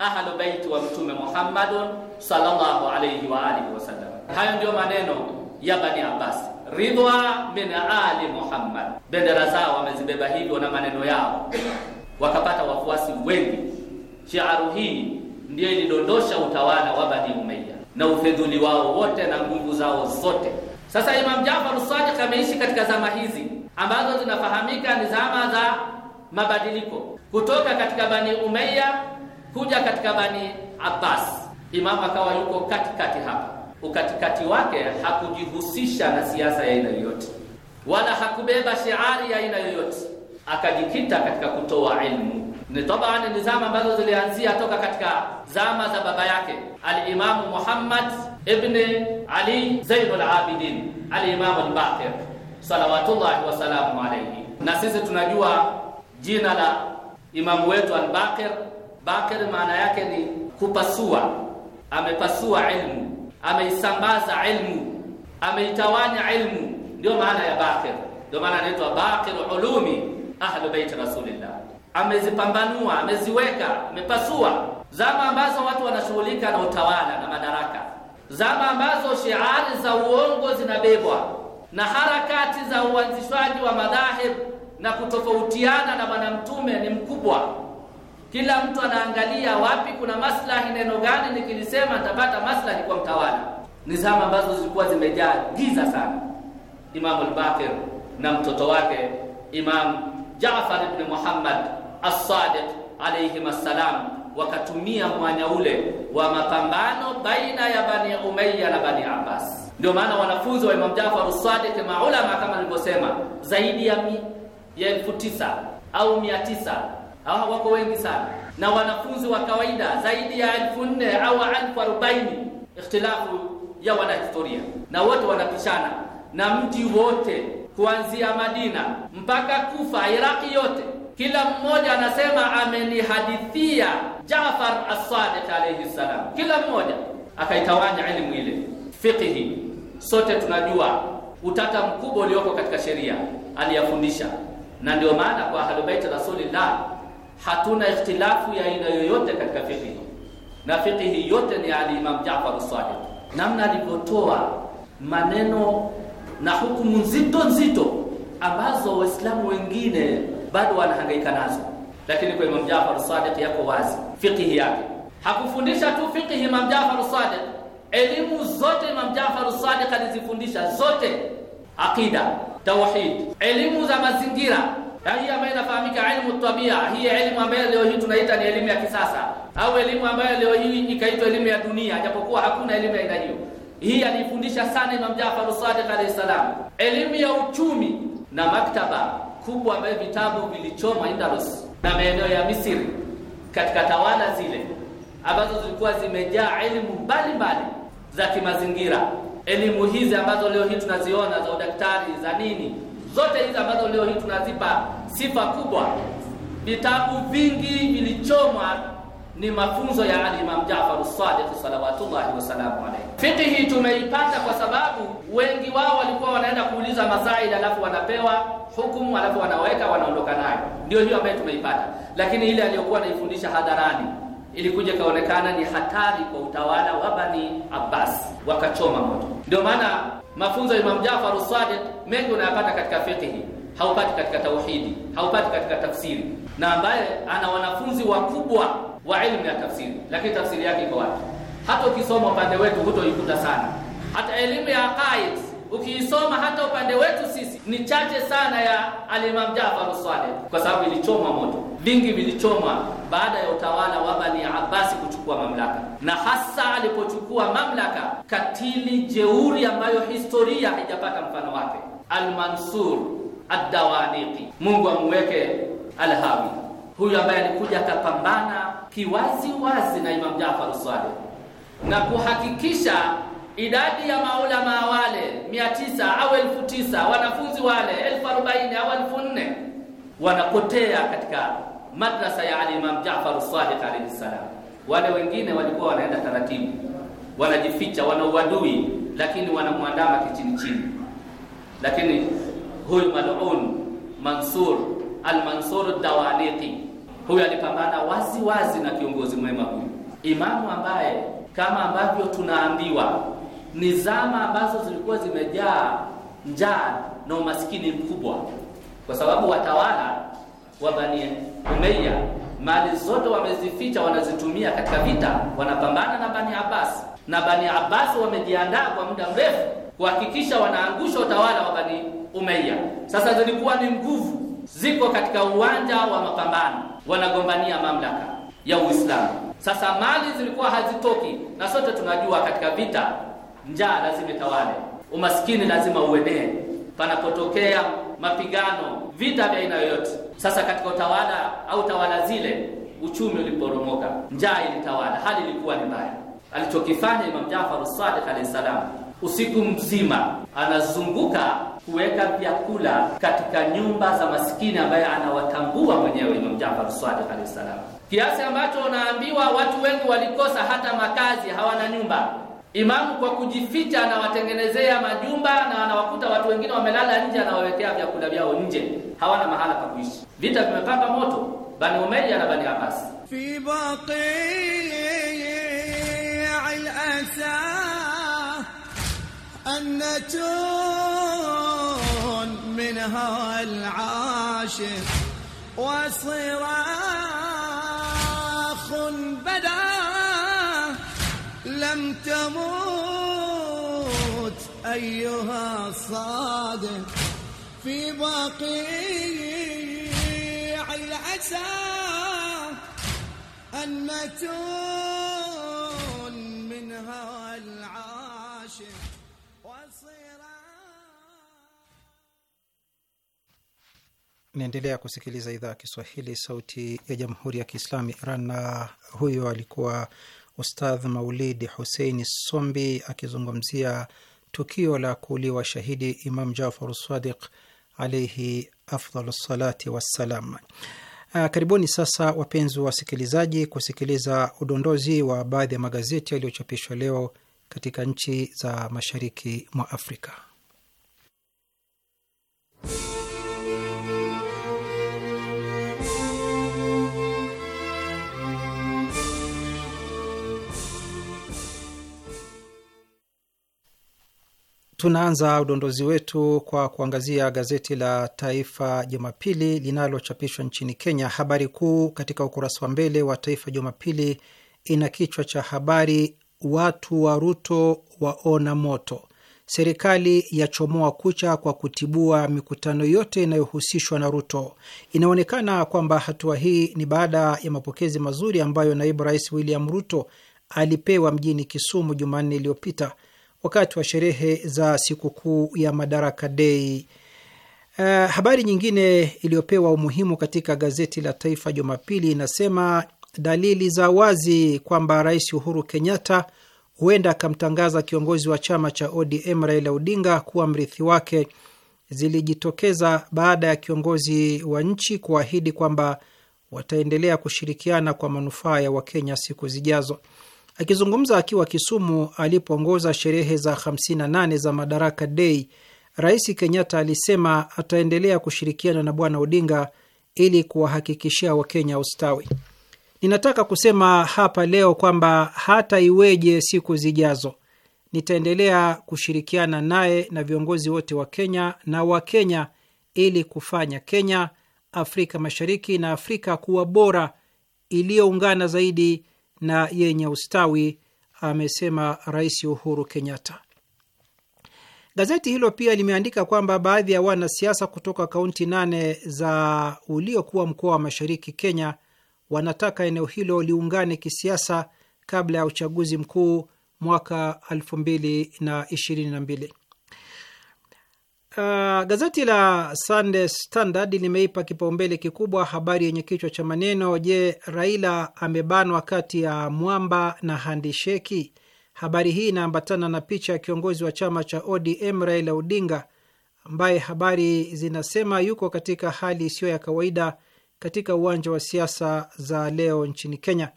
ahlu baiti wa mtume Muhammadun sallallahu alayhi wa alihi wasallam. Hayo ndiyo maneno ya Bani Abbas, ridwa min ali Muhammad. Bendera zao wamezibeba hivyo na maneno yao, wakapata wafuasi wengi. Shiaru hii ndiyo ilidondosha utawala wa Bani Umayya na ufedhuli wao wote na nguvu zao zote. Sasa Imam Jafar Sadiq ameishi katika zama hizi ambazo zinafahamika ni zama za mabadiliko kutoka katika Bani Umayya kuja katika Bani Abbas, Imamu akawa yuko katikati hapa. Ukatikati wake hakujihusisha na siasa ya aina yoyote, wala hakubeba shiari ya aina yoyote, akajikita katika kutoa ilmu. Ni tabani ni zama ambazo zilianzia toka katika zama za baba yake Alimamu Muhammad ibn Ali Zainul Abidin Alimamu Albaqir salawatullahi wasalamu alaihi. Na sisi tunajua jina la imamu wetu Albaqir Bakir maana yake ni kupasua. Amepasua ilmu, ameisambaza ilmu, ameitawanya ilmu, ndio maana ya Bakir. Ndio maana anaitwa Bakir ulumi ahlu bait rasulillah. Amezipambanua, ameziweka, amepasua. Zama ambazo watu wanashughulika na utawala na madaraka, zama ambazo shiari za uongo zinabebwa na harakati za uanzishwaji wa madhahib na kutofautiana na Bwana Mtume ni mkubwa kila mtu anaangalia wapi kuna maslahi, neno gani nikilisema nitapata maslahi kwa mtawala. Ni zama ambazo zilikuwa zimejaa giza sana. Imamu al na mtoto wake Imam jafar ibn Muhammad as-Sadiq alayhi assalam wakatumia mwanya ule wa mapambano baina ya Bani Umayya na Bani Abbas. Ndio maana wanafunzi wa Imam jafar as-Sadiq maulama kama nilivyosema, zaidi ya mi, ya elfu tisa au mia tisa hawa wako wengi sana, na wanafunzi wa kawaida zaidi ya elfu nne au elfu arobaini ikhtilafu ya wanahistoria, na wote wanapishana na mji wote kuanzia Madina mpaka Kufa, Iraki yote, kila mmoja anasema amenihadithia jafar as-Sadiq alayhi salam. Kila mmoja akaitawanya elimu ile fiqhi. Sote tunajua utata mkubwa ulioko katika sheria aliyafundisha, na ndio maana kwa Ahlul Rasulillah hatuna ikhtilafu ya aina yoyote katika fiqh, na fiqh yote ni alimam Jaafar as-Sadiq, namna alivyotoa maneno na hukumu nzito nzito ambazo Waislamu wengine bado wanahangaika nazo, lakini kwa Imam Jaafar as-Sadiq yako wazi fiqh yake. Hakufundisha tu fiqh Imam Jaafar as-Sadiq, elimu zote Imam Jaafar as-Sadiq alizifundisha zote: aqida, tauhid, elimu za mazingira na hii ambayo inafahamika ilmu tabia, hii elimu ambayo leo hii tunaita ni elimu ya kisasa au elimu ambayo leo hii ikaitwa elimu ya dunia, japokuwa hakuna elimu ya aina hiyo. Hii alifundisha sana Imam Jaafar Sadiq alayhi salam, elimu ya uchumi na maktaba kubwa ambayo vitabu vilichomwa Indalus na maeneo ya Misri katika tawala zile ambazo zilikuwa zimejaa elimu mbalimbali za kimazingira, elimu hizi ambazo leo hii tunaziona za udaktari za nini zote hizi ambazo leo hii tunazipa sifa kubwa, vitabu vingi vilichomwa, ni mafunzo ya alimam imam Jaafar Sadiq salawatullahi wasalamu alayhi. Fiqh hii tumeipata kwa sababu wengi wao walikuwa wanaenda kuuliza masaili, alafu wanapewa hukumu, alafu wanaweka wanaondoka nayo. Ndio hiyo ambayo tumeipata, lakini ile aliyokuwa anaifundisha hadharani ilikuja kaonekana ni hatari kwa utawala wa Bani Abbas, wakachoma moto. Ndio maana mafunzo ya Imam Jafar Sadiq mengi unayapata katika fiqhi, haupati katika tauhidi, haupati katika tafsiri, na ambaye ana wanafunzi wakubwa wa elimu ya tafsiri, lakini tafsiri yake iko wapi? Hata ukisoma upande wetu hutoikuta sana, hata elimu ya aqaid ukiisoma hata upande wetu sisi ni chache sana ya alimam imam Jaafar Saleh, kwa sababu ilichomwa moto. Vingi vilichomwa baada ya utawala wa Bani Abbasi kuchukua mamlaka, na hasa alipochukua mamlaka, katili jeuri ambayo historia haijapata mfano wake, Al-Mansur Ad-Dawaniqi, Mungu amuweke Alhawi, huyu ambaye alikuja akapambana kiwazi wazi na Imam Jaafar Saleh na kuhakikisha idadi ya maulama wale 900 au 1000 wanafunzi wale 1040 au 1004 wanapotea katika madrasa ya Alimam imam Jaafar as-Sadiq alayhi salam. Wale wengine walikuwa wanaenda taratibu, wanajificha, wanauadui, lakini wanamwandama kichini chini. Lakini huyu mal'un Mansur al-Mansur dawaniqi huyu alipambana wazi wazi na kiongozi mwema huyu, imamu ambaye kama ambavyo tunaambiwa ni zama ambazo zilikuwa zimejaa njaa na umaskini mkubwa, kwa sababu watawala wa Bani Umayya mali zote wamezificha, wanazitumia katika vita, wanapambana na Bani Abbas, na Bani Abbas wamejiandaa kwa muda mrefu kuhakikisha wanaangusha utawala wa Bani Umayya. Sasa zilikuwa ni nguvu ziko katika uwanja wa mapambano, wanagombania mamlaka ya Uislamu. Sasa mali zilikuwa hazitoki, na sote tunajua katika vita njaa lazima itawale, umaskini lazima uenee, panapotokea mapigano, vita vya aina yoyote. Sasa katika utawala au tawala zile, uchumi uliporomoka, njaa ilitawala, hali ilikuwa ni mbaya. Alichokifanya Imam jafar Sadiq alahi salam, usiku mzima anazunguka kuweka vyakula katika nyumba za maskini ambaye anawatambua mwenyewe Imam jafar Sadiq alahi salam, kiasi ambacho unaambiwa watu wengi walikosa hata makazi, hawana nyumba Imamu kwa kujificha anawatengenezea majumba na anawakuta watu wengine wamelala nje, anawawekea vyakula vyao nje, hawana mahala pa kuishi. Vita vimepaka moto Bani Umayya na Bani Abbas fi baqi al-asa bada لم تموت أيها الصادق في بقيع العسى أنمة منها العاشق Naendelea kusikiliza idhaa ya Kiswahili, sauti ya jamhuri ya kiislamu Iran, na huyo alikuwa Ustadh Maulidi Huseini Sombi akizungumzia tukio la kuuliwa shahidi Imam Jafar Sadiq alaihi afdal salati wassalam. Ah, karibuni sasa wapenzi wasikilizaji, kusikiliza udondozi wa baadhi ya magazeti yaliyochapishwa leo katika nchi za mashariki mwa Afrika. Tunaanza udondozi wetu kwa kuangazia gazeti la Taifa Jumapili linalochapishwa nchini Kenya. Habari kuu katika ukurasa wa mbele wa Taifa Jumapili ina kichwa cha habari, watu wa Ruto waona moto, serikali yachomoa kucha kwa kutibua mikutano yote inayohusishwa na Ruto. Inaonekana kwamba hatua hii ni baada ya mapokezi mazuri ambayo naibu rais William Ruto alipewa mjini Kisumu Jumanne iliyopita wakati wa sherehe za sikukuu ya Madaraka Dei. Uh, habari nyingine iliyopewa umuhimu katika gazeti la Taifa Jumapili inasema dalili za wazi kwamba Rais Uhuru Kenyatta huenda akamtangaza kiongozi wa chama cha ODM Raila Odinga kuwa mrithi wake zilijitokeza baada ya kiongozi wa nchi kuahidi kwamba wataendelea kushirikiana kwa manufaa ya Wakenya siku zijazo. Akizungumza akiwa Kisumu alipoongoza sherehe za 58 za Madaraka Dei, Rais Kenyatta alisema ataendelea kushirikiana na Bwana Odinga ili kuwahakikishia Wakenya ustawi. Ninataka kusema hapa leo kwamba hata iweje siku zijazo, nitaendelea kushirikiana naye na viongozi wote wa Kenya na Wakenya ili kufanya Kenya, Afrika Mashariki na Afrika kuwa bora, iliyoungana zaidi na yenye ustawi, amesema Rais Uhuru Kenyatta. Gazeti hilo pia limeandika kwamba baadhi ya wanasiasa kutoka kaunti nane za uliokuwa mkoa wa mashariki Kenya wanataka eneo hilo liungane kisiasa kabla ya uchaguzi mkuu mwaka 2022. Uh, gazeti la Sunday Standard limeipa kipaumbele kikubwa habari yenye kichwa cha maneno je, Raila amebanwa kati ya mwamba na handisheki? Habari hii inaambatana na picha ya kiongozi wa chama cha ODM Raila Odinga ambaye habari zinasema yuko katika hali isiyo ya kawaida katika uwanja wa siasa za leo nchini Kenya.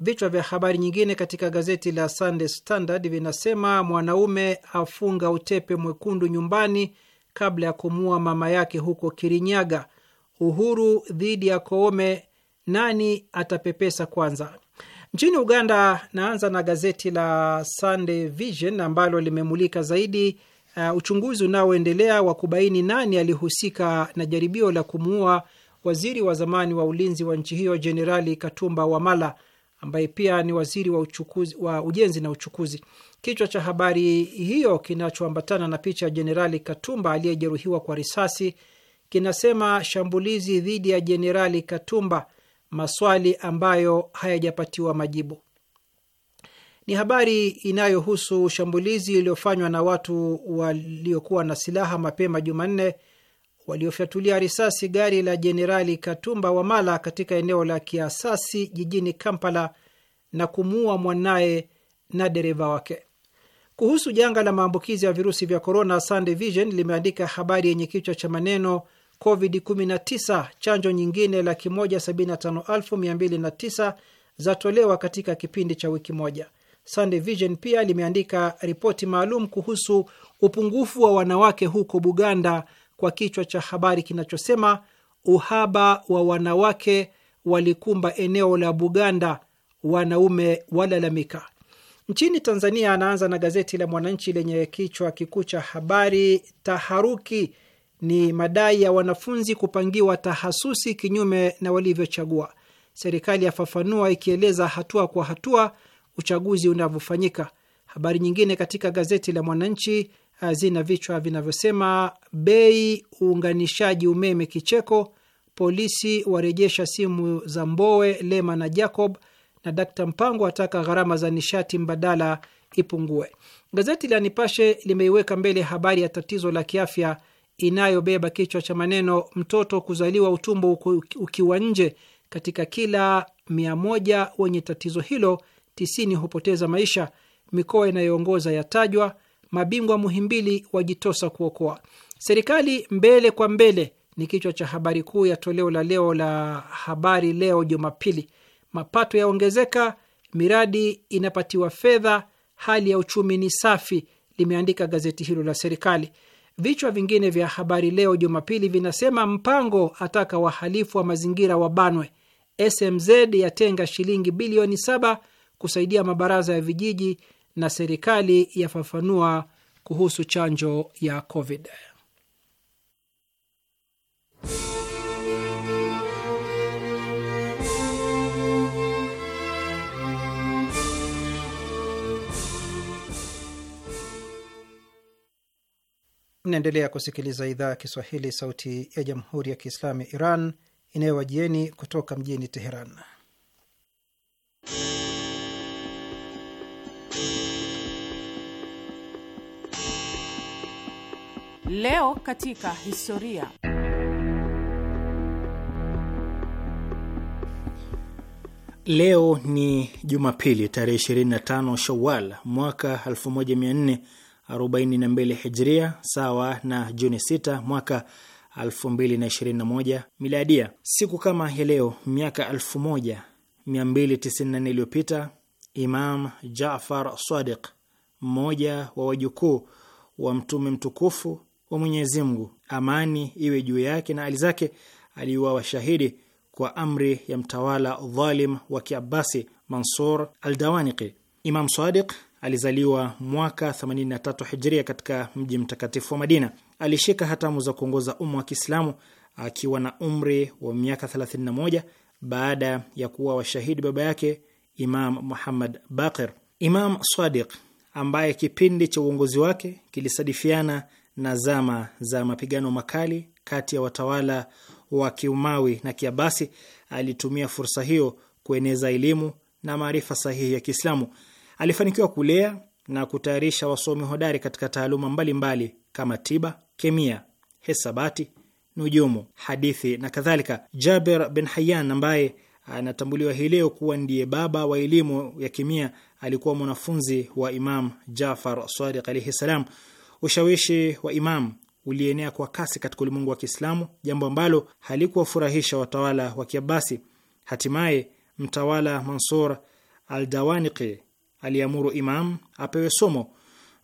Vichwa vya habari nyingine katika gazeti la Sunday Standard vinasema mwanaume afunga utepe mwekundu nyumbani kabla ya kumuua mama yake huko Kirinyaga. Uhuru dhidi ya Koome, nani atapepesa kwanza? Nchini Uganda, naanza na gazeti la Sunday Vision ambalo limemulika zaidi uh, uchunguzi unaoendelea wa kubaini nani alihusika na jaribio la kumuua waziri wa zamani wa ulinzi wa nchi hiyo Jenerali Katumba Wamala ambaye pia ni waziri wa, uchukuzi, wa ujenzi na uchukuzi. Kichwa cha habari hiyo kinachoambatana na picha ya Jenerali Katumba aliyejeruhiwa kwa risasi kinasema shambulizi dhidi ya Jenerali Katumba, maswali ambayo hayajapatiwa majibu. Ni habari inayohusu shambulizi iliyofanywa na watu waliokuwa na silaha mapema Jumanne waliofyatulia risasi gari la Jenerali Katumba Wamala katika eneo la Kiasasi jijini Kampala na kumuua mwanaye na dereva wake. Kuhusu janga la maambukizi ya virusi vya korona, Sunday Vision limeandika habari yenye kichwa cha maneno COVID-19 chanjo nyingine laki moja sabini na tano elfu mia mbili na tisa zatolewa katika kipindi cha wiki moja. Sunday Vision pia limeandika ripoti maalum kuhusu upungufu wa wanawake huko Buganda kwa kichwa cha habari kinachosema uhaba wa wanawake walikumba eneo la Buganda, wanaume walalamika. Nchini Tanzania anaanza na gazeti la Mwananchi lenye kichwa kikuu cha habari, taharuki ni madai ya wanafunzi kupangiwa tahasusi kinyume na walivyochagua, serikali yafafanua ikieleza hatua kwa hatua uchaguzi unavyofanyika. Habari nyingine katika gazeti la Mwananchi eh, zina vichwa vinavyosema bei uunganishaji umeme kicheko, polisi warejesha simu za Mbowe, Lema na Jacob, na Dkt Mpango ataka gharama za nishati mbadala ipungue. Gazeti la Nipashe limeiweka mbele habari ya tatizo la kiafya inayobeba kichwa cha maneno mtoto kuzaliwa utumbo ukiwa nje, katika kila mia moja wenye tatizo hilo tisini hupoteza maisha, mikoa inayoongoza yatajwa, mabingwa Muhimbili wajitosa kuokoa serikali. Mbele kwa mbele ni kichwa cha habari kuu ya toleo la leo la Habari Leo Jumapili mapato yaongezeka, miradi inapatiwa fedha, hali ya uchumi ni safi, limeandika gazeti hilo la serikali. Vichwa vingine vya habari leo Jumapili vinasema Mpango ataka wahalifu wa mazingira wabanwe, SMZ yatenga shilingi bilioni saba kusaidia mabaraza ya vijiji, na serikali yafafanua kuhusu chanjo ya Covid. Mnaendelea kusikiliza idhaa ya Kiswahili, sauti ya jamhuri ya kiislamu ya Iran inayowajieni kutoka mjini Teheran. Leo katika historia. Leo ni Jumapili tarehe 25 Shawal mwaka 42 hijria sawa na Juni 6 mwaka 2021 miladia. Siku kama ya leo miaka 1294 iliyopita Imam Jafar Sadiq, mmoja wa wajukuu wa mtume mtukufu wa Mwenyezi Mungu, amani iwe juu yake na ali zake, aliuawa shahidi kwa amri ya mtawala dhalim wa Kiabasi Mansur al Imam Sadiq alizaliwa mwaka 83 Hijria katika mji mtakatifu wa Madina. Alishika hatamu za kuongoza umma wa Kiislamu akiwa na umri wa miaka 31 baada ya kuwa washahidi baba yake Imam Muhammad Baqir. Imam Sadiq ambaye kipindi cha uongozi wake kilisadifiana na zama za mapigano makali kati ya watawala wa Kiumawi na Kiabasi, alitumia fursa hiyo kueneza elimu na maarifa sahihi ya Kiislamu. Alifanikiwa kulea na kutayarisha wasomi hodari katika taaluma mbalimbali mbali kama tiba, kemia, hesabati, nujumu, hadithi na kadhalika. Jaber bin Hayyan ambaye anatambuliwa hii leo kuwa ndiye baba wa elimu ya kemia alikuwa mwanafunzi wa Imam Jafar Sadiq alaihi salam. Ushawishi wa Imam ulienea kwa kasi katika ulimwengu wa Kiislamu, jambo ambalo halikuwafurahisha watawala wa Kiabasi. Hatimaye mtawala Mansur al aliamuru Imam apewe somo.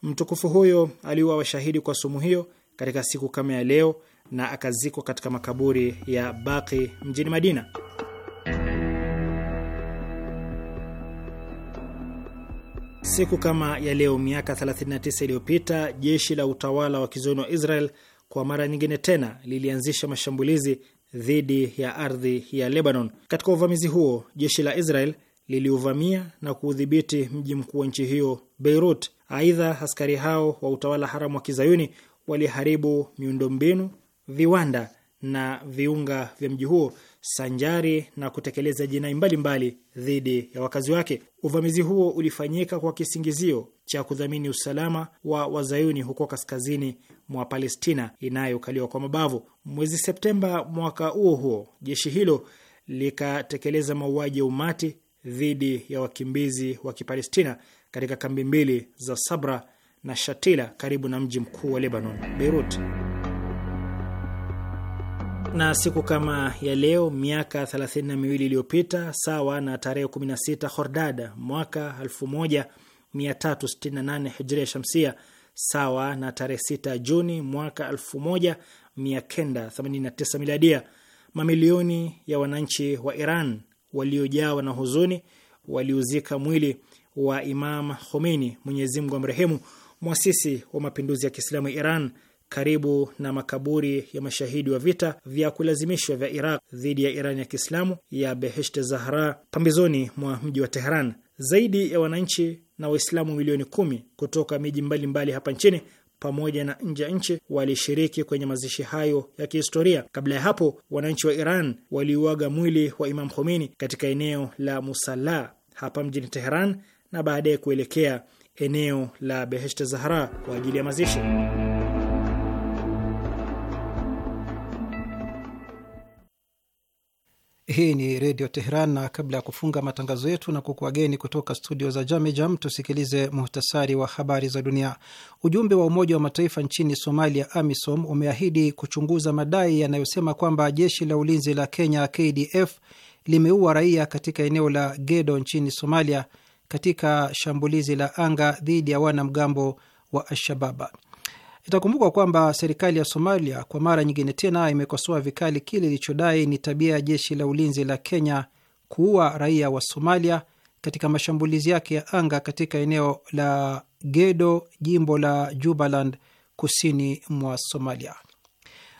Mtukufu huyo aliuawa washahidi kwa sumu hiyo katika siku kama ya leo na akazikwa katika makaburi ya Baqi mjini Madina. Siku kama ya leo miaka 39 iliyopita jeshi la utawala wa kizoni wa Israel kwa mara nyingine tena lilianzisha mashambulizi dhidi ya ardhi ya Lebanon. Katika uvamizi huo, jeshi la Israel liliuvamia na kuudhibiti mji mkuu wa nchi hiyo Beirut. Aidha, askari hao wa utawala haramu wa kizayuni waliharibu miundombinu, viwanda na viunga vya mji huo sanjari na kutekeleza jinai mbalimbali dhidi ya wakazi wake. Uvamizi huo ulifanyika kwa kisingizio cha kudhamini usalama wa wazayuni huko kaskazini mwa Palestina inayokaliwa kwa mabavu. Mwezi Septemba mwaka huo huo, jeshi hilo likatekeleza mauaji ya umati dhidi ya wakimbizi wa Kipalestina katika kambi mbili za Sabra na Shatila karibu na mji mkuu wa Lebanon, Beirut. Na siku kama ya leo miaka thelathini miwili iliyopita sawa na tarehe 16 hordad mwaka 1368 Hijria Shamsia sawa na tarehe 6 Juni mwaka 1989 Miladia, mamilioni ya wananchi wa Iran waliojawa na huzuni waliuzika mwili wa Imam Khomeini, Mwenyezi Mungu amrehemu, mwasisi wa mapinduzi ya Kiislamu Iran, karibu na makaburi ya mashahidi wa vita vya kulazimishwa vya Iraq dhidi ya Iran ya Kiislamu ya Beheshte Zahra, pambizoni mwa mji wa Teheran. Zaidi ya wananchi na Waislamu milioni kumi kutoka miji mbalimbali hapa nchini pamoja na nje ya nchi walishiriki kwenye mazishi hayo ya kihistoria. Kabla ya hapo, wananchi wa Iran waliuaga mwili wa Imam Khomeini katika eneo la Musalla hapa mjini Teheran na baadaye kuelekea eneo la Beheshte Zahra kwa ajili ya mazishi. Hii ni Redio Teheran, na kabla ya kufunga matangazo yetu na kukuwageni kutoka studio za Jamejam, tusikilize muhtasari wa habari za dunia. Ujumbe wa Umoja wa Mataifa nchini Somalia, AMISOM, umeahidi kuchunguza madai yanayosema kwamba jeshi la ulinzi la Kenya, KDF, limeua raia katika eneo la Gedo nchini Somalia katika shambulizi la anga dhidi ya wanamgambo wa Alshababa. Itakumbuka kwamba serikali ya Somalia kwa mara nyingine tena imekosoa vikali kile ilichodai ni tabia ya jeshi la ulinzi la Kenya kuua raia wa Somalia katika mashambulizi yake ya anga katika eneo la Gedo, jimbo la Jubaland, kusini mwa Somalia.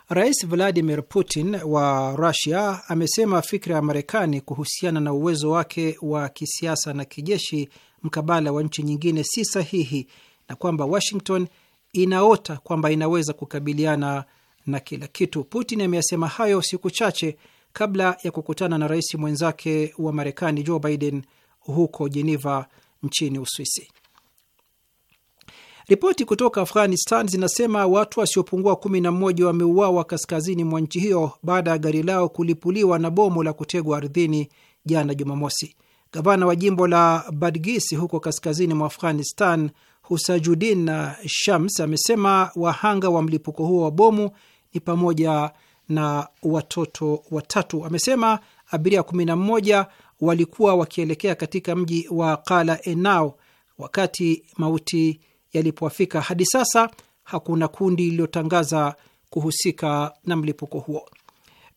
Rais Vladimir Putin wa Rusia amesema fikra ya Marekani kuhusiana na uwezo wake wa kisiasa na kijeshi mkabala wa nchi nyingine si sahihi na kwamba Washington inaota kwamba inaweza kukabiliana na kila kitu. Putin ameyasema hayo siku chache kabla ya kukutana na rais mwenzake wa Marekani Joe Biden huko Jeneva nchini Uswisi. Ripoti kutoka Afghanistan zinasema watu wasiopungua kumi na mmoja wameuawa kaskazini mwa nchi hiyo baada ya gari lao kulipuliwa na bomu la kutegwa ardhini jana Jumamosi. Gavana wa jimbo la Badghis huko kaskazini mwa Afghanistan Husajudin Shams amesema wahanga wa mlipuko huo wa bomu ni pamoja na watoto watatu. Amesema abiria mmoja walikuwa wakielekea katika mji wa Qala Enao wakati mauti yalipowafika. Hadi sasa hakuna kundi lililotangaza kuhusika na mlipuko huo.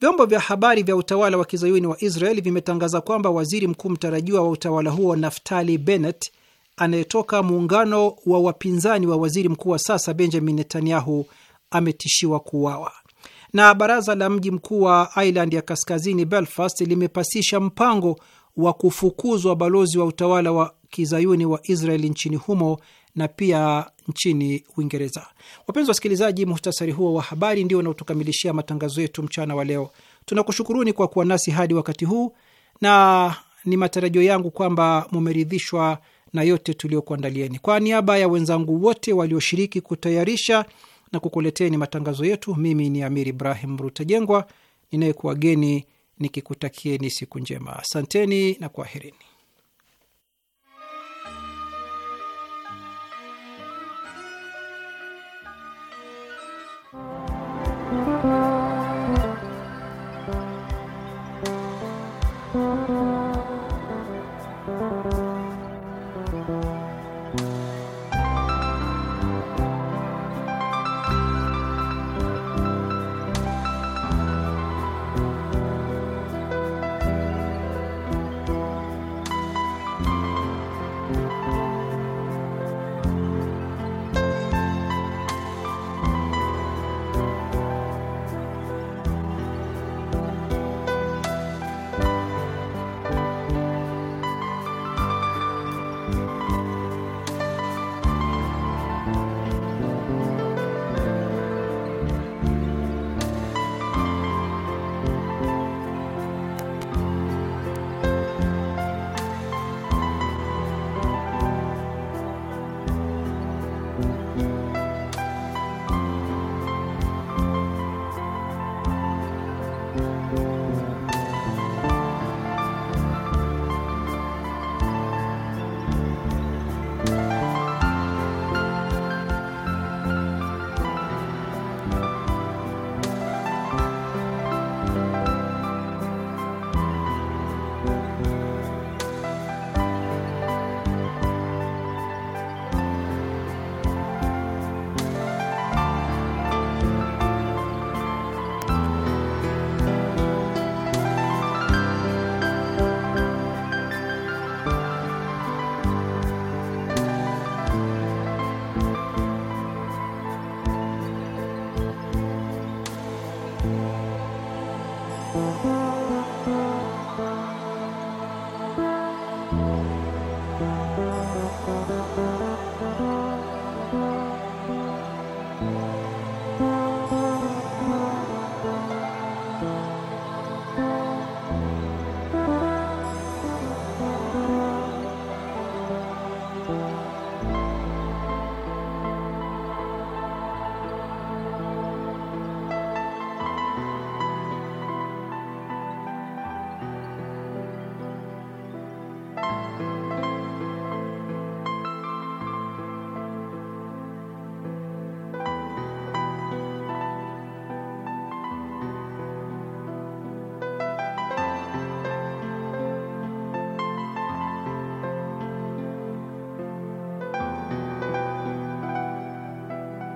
Vyombo vya habari vya utawala wa kizayuni wa Israel vimetangaza kwamba waziri mkuu mtarajiwa wa utawala huo Naftali Bennett anayetoka muungano wa wapinzani wa waziri mkuu wa sasa Benjamin Netanyahu ametishiwa kuuawa. Na baraza la mji mkuu wa Ireland ya kaskazini Belfast limepasisha mpango wa kufukuzwa balozi wa utawala wa kizayuni wa Israel nchini humo na pia nchini Uingereza. Wapenzi wasikilizaji, muhtasari huo wa habari ndio unaotukamilishia matangazo yetu mchana wa leo. Tunakushukuruni kwa kuwa nasi hadi wakati huu na ni matarajio yangu kwamba mumeridhishwa na yote tuliyokuandalieni. Kwa niaba ya wenzangu wote walioshiriki kutayarisha na kukuleteni matangazo yetu, mimi ni Amir Ibrahim Rutajengwa ninayekuwageni nikikutakieni siku njema. Asanteni na kwaherini.